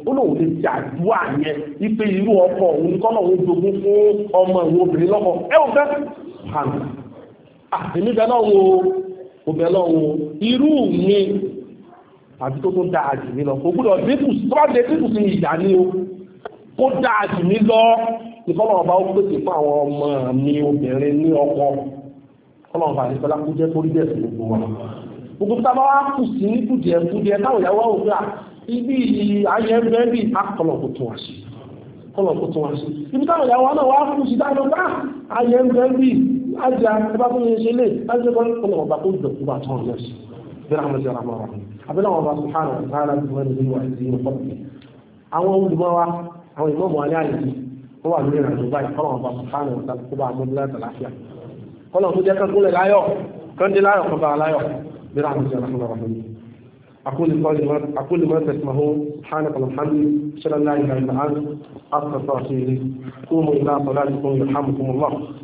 òun ó lè ti àdúrà yẹn wípé irú ọkọ òun kọ́ náà jogún fún ọmọ ìwọ obìnrin lọ́kọ ẹ ò fẹ́ hàn àtẹ̀mí bẹ́ẹ̀ náà wo obìnrin náà wo irú mi àti tó tó dáa jù mí lọ kò gbúdọ̀ dínkù tó dínkù sí ìjà ni o kó dáa jù mí lọ ìkọlọ̀ ọba ó pèsè fún àwọn ọmọ mi obìnrin ní ọkọ kọlọ̀ ọba àti fẹlá kó jẹ́ bẹ́ẹ̀ sí gbogbo wa gbogbo tábà wá kù sí ní kùdìẹ̀kùdìẹ̀ táwọn ìyàwó òkú à ah, ibi ayé ẹgbẹ́ bíi akọlọ̀kù ah, tó wá sí kọlọ̀kù tó wá sí ibi táwọn ìyàwó náà wá kù sí dáadọ́ ah, bá ayé ẹgbẹ́ bíi ajá ẹgbẹ́ tó yẹ ṣe lé ajá kọlọ̀kù bá tó dọ̀kú bá tán lọ sí bẹ́ẹ̀ àwọn ọmọdé ọmọ wọn abẹ́lẹ́ wọn bá sùn hàn wọn tààrà bí wọn ní wà sí inú pọ́pì àwọn olùmọ̀ wa àwọn ìmọ̀ mọ̀ alẹ́ àyè برحمتك يا ارحم الراحمين أقول قولي ما أقول ما تسمعون سبحانك اللهم وبحمدك أشهد أن لا إله إلا أنت أستغفرك قوموا إلى صلاتكم يرحمكم الله